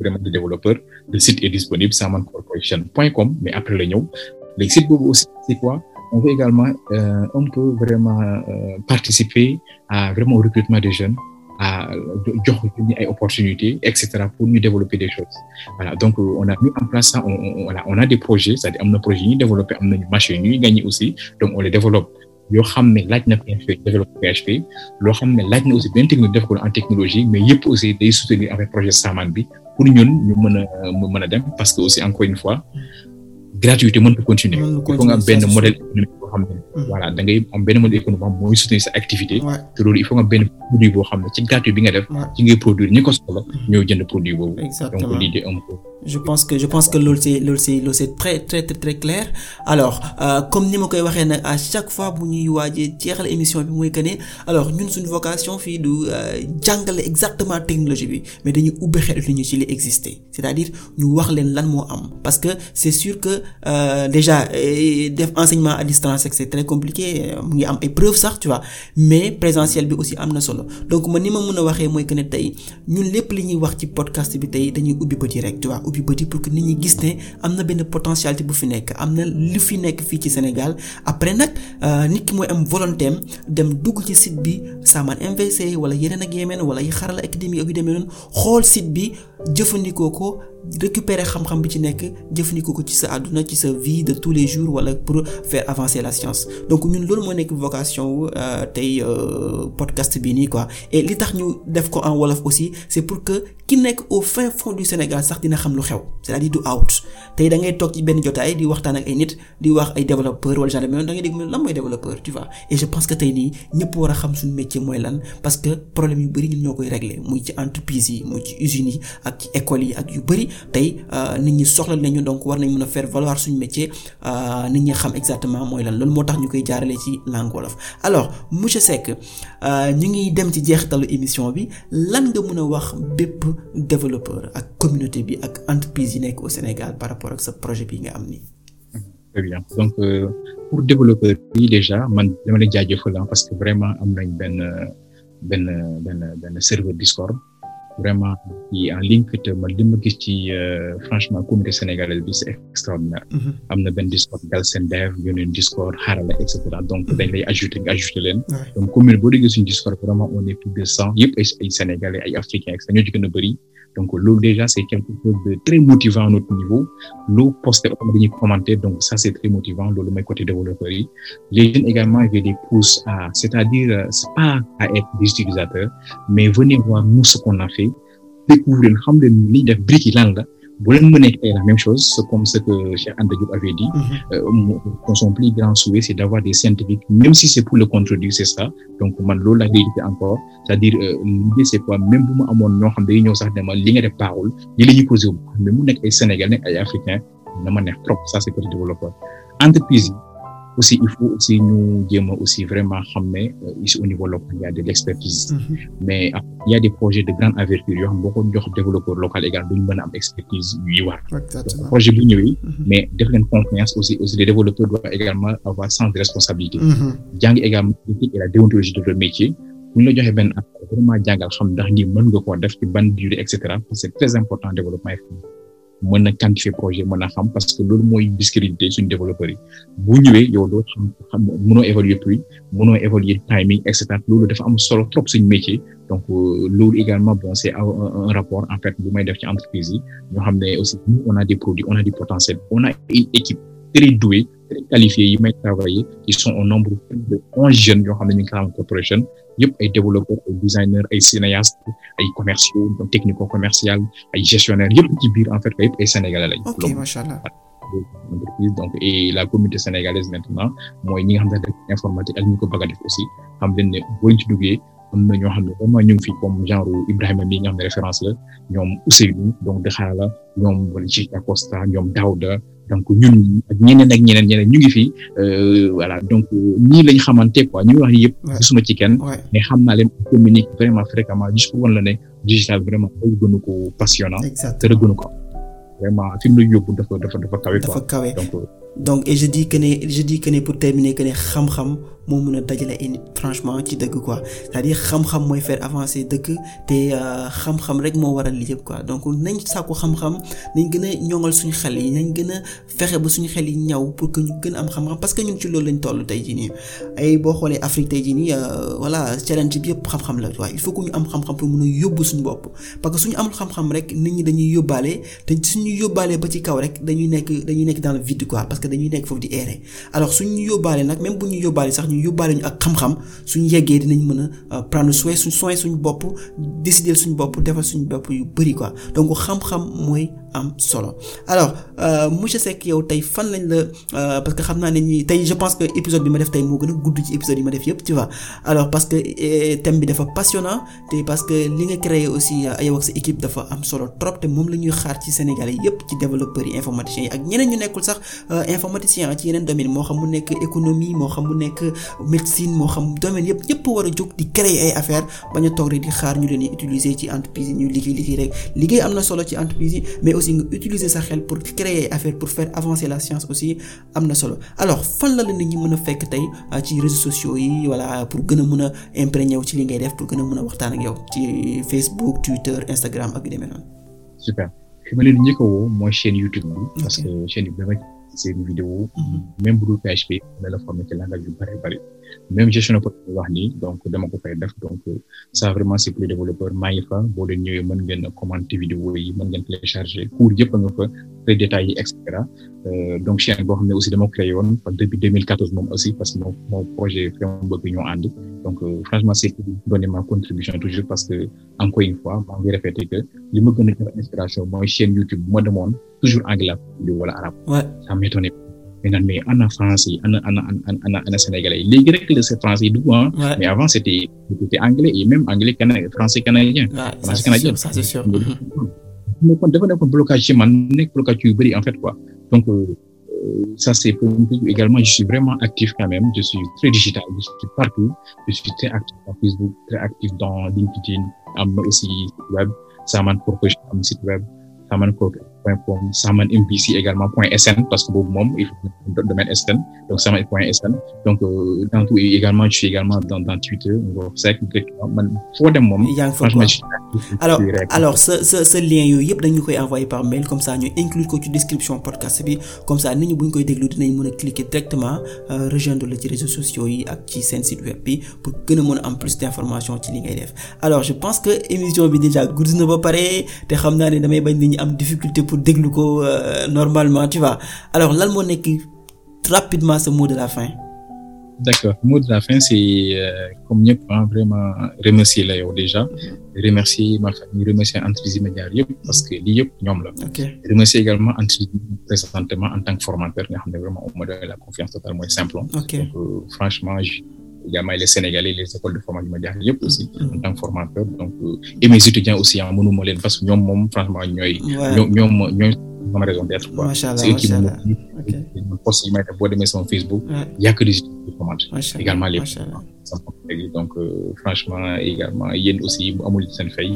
vraiment des développeurs. le site est disponible samancorporation.com mais après la ñëw léegi site boobu aussi on veut également euh, vraiment euh, participer à vraiment au recrutement des jeunes à jox opportunités et pour ñu développer des choses voilà donc euh, on a mis en place ça a des projets c'est-à-dire am na projet yu développer am nañu marché yu ñuy gagné aussi donc on les développe yoo xam ne laaj na PHP développe PHP loo xam ne laaj na aussi benn technologie def ko en technologie mais yëpp aussi day soutenir avec projet Saman bi pour ñun ñu mën a mën a dem parce que aussi encore une fois gratuité mënut a continuer. il faut nga benn modèle économique boo xam ne. Mm. da ngay am benn modèle économique boo xam mooy soutenir sa activité. te loolu il faut nga benn produit boo xam ne ci gratuit bi nga def. ci ngay produire ñi ko soxla mm. ñoo jënd produit boobu. comme ni ma koy waxee nag à fois bu ñuy waajee jeexal émission bi mooy que ne alors ñun suñu vocation fii du euh, jàngale exactement technologie bi mais dañuy ubbi xel nit ñu ci li existé c'est-à-dire ñu wax leen lan moo am parce que c'est sûr que Euh, déjà def enseignement à distance c'est très compliqué euh, mu ngi am ay preuves sax tu vois mais présentiel bi aussi am na solo donc ma ni ma mën a waxee mooy que ne tey ñun lépp li ñuy wax ci podcast bi tey dañuy ubbi bët yi rek tu ubbi bët yi pour que nit ñi gis ne am na benn potentialité bu fi nekk am na lu fi nekk fii ci Sénégal après nag euh, nit ki mooy am volonté dem dugg ci site bi Saman MVC wala yeneen ak yeneen wala yi xaral académie ak yu demee noonu xool site bi. jëfandikoo ko récupérer xam-xam bi ci nekk jëfandikoo ko ci sa àdduna ci sa vie de tous les jours wala pour faire avancer la science donc ñun loolu moo nekk vocation wu euh, tey euh, podcast bi nii quoi et li tax ñu def ko en wolof aussi c'est pour que ki nekk au fin fond du Sénégal sax dina xam lu xew c'est-à-dire du out tey da toog ci benn jotaay di waxtaan ak ay nit di wax ay développeur wala genre da ngay dégg lan mooy développeur tu que tey nii ñëpp war xam suñu métier mooy lan parce que problème yu bari ñoo koy régler muy ci yi muy ci usines yi ci école yi ak yu bëri tey euh, nit ñi soxla nañu donc war nañ mën a faire valoir suñu métier euh, nit ñi xam exactement mooy lan loolu moo tax ñu koy jaarale ci langue wolof. alors monsieur Seck euh, ñu ngi dem ci jeex jeexitalu émission bi lan nga mën a wax bépp développeur ak communauté bi ak entreprise yi nekk au Sénégal par rapport ak sa projet bi nga am ni très donc pour développeur bi déjà man dama lay jaajëfal parce que vraiment am nañ benn benn benn benn serveur Discord. vraiment yi en ligne que te man gis ci euh, franchement communauté sénégalaise bi c'est extraordinaire. Mhm. am na benn Discord Galsen Dev yeneen Discord Xarala et donc lay ajouter nga commune boo déggee suñu Discord vraiment on est plus de cent yëpp ay ay sénégalais ay africains et cetera ñoo ci bëri. donc loolu déjà c'est quelque chose de très motivant à notre niveau lu posté am dañuy commenter donc ça c'est très motivant loolu mooy côté développeur yi les jeunes également je les pousse à c'est-à-dire euh, c'est pas à être des utilisateurs mais venez voir nous ce qu'on a fait découvrir xam leen li def brique yi lan bu leen mënee la même chose c'est comme ce que Cheikh Anta Diop avait dit. Mhm. Euh, plus grand souhait c'est d'avoir des scientifiques même si c'est pour le contredire c'est ça donc man loolu a koy encore c'est-à-dire euh, l'idée c'est quoi bu ma amoon ñoo xam dañuy ñëw sax dama li nga def baaxul li la ñuy mu nekk ay Sénégalais nekk ay Africains dama neex trop ça c'est côté développeur entreprise yi. aussi il faut aussi ñu jéem a aussi vraiment xam ne euh, ici au niveau local il y a de l'expertise mm mais euh, il y a de grande envergure yoo xam boo jox développeur local également duñu mën a am expertise yuy war projet bu ñëwee mhm. mais def leen confiance aussi aussi les développeurs doivent également avoir sens de responsabilité mhm. jàng également éthique et la déontologie de leur métier bu ñu la joxee benn ak vraiment jàngal xam ndax ni mën nga koo def ci ban durée et cetera parce que c'est très important développement mën na quantifier projet mën a xam parce que loolu mooy discrédité suñu développeurs yi bu ñëwee yow doo xam xam mënoo évaluer prix mënoo évaluer timing et loolu dafa am solo trop suñu métier donc euh, loolu également bon c'est un rapport en fait bu may def ci entreprise yi ñoo xam ne aussi nous on a des produits on a du potentiel équipe très douée très qualifiés yi may travailler ils sont au nombre de onze jeunes yoo xam ne ñu ngi ko xamante prochaine ay développeurs ay designers ay cinéastes ay commerciaux donc technico ay gestionnaires yëpp ci biir en fait yëpp ay sénégalais lañ. ok macha allah entreprise donc et la communauté sénégalaise maintenant mooy ñi nga xam ne def informatique ak ñu ko bëgg def aussi xam leen ne booñ ci duggee am na ñoo xam ne vraiment ñu ngi fi comme genre Ibrahima mi nga xam ne référence la ñoom Ousseynou donc Daxala ñoom Walid Acosta ñoom donc ñun ak ñeneen ak ñeneen ñeneen ñu fi euh, voilà donc ñii lañ xamante quoi ñu wax yëpp. gisuma ci kenn. mais xam naa leen communique vraiment fréquemment juste pour la ne digital vraiment dafa gën ko passionnant. exactement te gën ko vraiment fi mu la yóbbu dafa dafa dafa kawe. dafa kawe donc. Euh, donc et je dis que ne je dis que terminer que xam-xam. moo mun a dajale ay franchement ci dëgg quoi cest à xam-xam mooy faire avancer dëkk te euh, xam-xam rek moo waral li yëpp quoi donc nañ sàkku xam-xam nañ gën a ñoŋal suñu xel yi nañ gën a fexe ba suñu xel yi ñaw pour que ñu gën a am xam-xam parce que ci loolu lañ toll tey jii nii ay boo xoolee Afrique tey jii nii euh, voilà challenge bi xam-xam la waaye il faut que am xam-xam pour mun a yóbbu suñu bopp parce que suñu amul xam-xam rek nit ñi dañuy yóbbaale te suñu yóbbaalee ba ci kaw rek dañuy nekk dañuy nekk dans le vide parce que dañuy nekk foofu di errer alors suñu yóbbaale nag même bu ñu yóbbaale ñu yóbbaale ñu ak xam-xam suñu yeggee dinañ mën a euh, prendre soin suñ bopp décider suñu bopp defal suñu bopp yu bëri quoi donc xam-xam mooy am solo alors euh, monsieur Seck yow tey fan lañ la euh, parce que xam naa ne ñi tey je pense que épisode bi ma def tey moo gën a gudd ci épisode yi ma def yëpp tu vois alors parce que thème bi dafa passionnant te parce que li nga créé aussi yow ak sa équipe dafa am solo trop te moom la ñuy xaar ci Sénégal yi yëpp ci développeurs yi informaticiens médecine moo xam domaine yëpp ñëpp war a jóg di créer ay affaire bañ a toog di xaar ñu leen di ci entreprise yi ñu liggéey liggéey rek liggéey am na solo ci entreprise yi mais aussi nga utiliser sa xel pour créer ay affaire pour faire avancer la science aussi am na solo alors fan la la nit ñi mën a fekk tey ah, ci réseaux sociaux yi voilà pour gën a mën a imprégné wu ci li ngay def pour gën a mën a waxtaan ak yow ci Facebook Twitter Instagram ak yu a woo mooy chaîne seen vidéo mm-hmm. même bu dul PHP dina la former ci langage yu bari bari même gestion de portefeuille wax nii donc dama ko fay def donc ça vraiment c'est plus développeur maa ngi fa boo leen ñëwee mën ngeen commenter vidéo yi mën ngeen télécharger cours yëpp nga fa très détails yi et cetera euh, donc chaîne boo xam ne aussi dama créé woon depuis 2014 moom aussi parce que moom projet framework bi ñoo ànd donc euh, franchement c'est donné ma contribution toujours parce que encore une fois maa ngi répété que li ma gën a jox inspiration mooy chaîne YouTube bu ma demoon toujours anglais mais naan mais ana français yi ana sénégalais yi léegi rek la français yi mais avant c'était c'était anglais et même anglais français canadien. français canadien ça c'est sûr mais man nekk blocage yu bëri en fait quoi donc euh, euh, ça c'est également je suis vraiment actif quand même je suis très digital je suis partout je suis très actif dans Facebook am aussi site web ça man pour am site web ça man point com saman MPC également point sn parce que boobu moom il faut domaine sn donc saman point sn donc euh, dans tout également je suis également dans dans Twitter Ngor Seck man foo dem moom. yaa ngi foofu alors alors sa sa sa lien yooyu yëpp dañu koy envoyer par mail comme ça ñu inclure ko ci description podcast bi comme ça nit ñi bu ñu koy déglu dinañ mën a cliquer directement euh, rejoindre la ci réseaux sociaux yi ak ci seen site web bi pour gën a mën a am plus d'information ci li ngay def alors je pense que émission bi déjà gudd na ba pare te xam naa ne damay bañ nit ñi am difficulté pour pour déglu ko euh, normalement tu vois alors lan moo nekk rapidement ce mot de la fin. d'accord mot de la fin c'est euh, comme ñëpp ah vraiment remercier la yow déjà mm-hmm. remercier ma famille remercier entreprise média yëpp parce que lii yëpp ñoom la. ok remercier également entreprise présentement en tant que formateur nga xam ne vraiment on m'a donné la confiance totale mooy Simplon. ok donc euh, franchement. également les Sénégalais les écoles de formation ma jaaxle yëpp aussi mm. en tant formateur donc euh, et mes étudiants aussi ah leen parce que ñoom moom franchement ñooy. ñoo ñoom ñooy ma raison d'être quoi. macha allah macha allah c'est post yi may Facebook. y a que des étudiants qui commentent. également les donc euh, franchement également yéen aussi bu amul seen fay.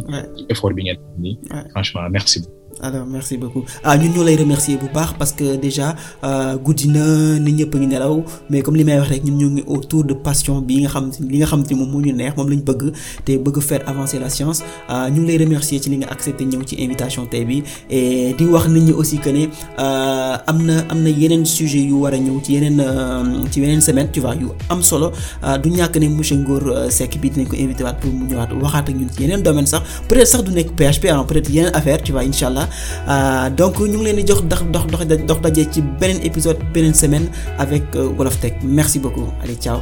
effort bi ngeen def nii. franchement merci alors merci beaucoup ah ñun ñoo lay remercier bu baax parce que déjà euh, guddi na nit ñëpp a ngi nelaw mais comme li may wax rek ñun ñoo ngi autour de passion bi nga xam li nga xam te moom moo ñu neex moom lañ bëgg te bëgg faire avancer la science ah, ñu ngi lay remercier ci li nga accepté ñëw ci invitation tey bi et di wax nit ñu aussi que ne euh, am na am na yeneen sujet yu war a ñëw ci yeneen euh, ci yeneen semaine tu yu am solo ah, du ñàkk ne monsieur Ngor Seck bi dinañ ko invité waat pour mu ñëwaat waxaat ak ñun ci yeneen domaine sax peut Euh, donc ñu ngi leen di jox dox dox dox dox daje ci beneen épisode beneen semaine avec euh, Wolof merci beaucoup allez ciao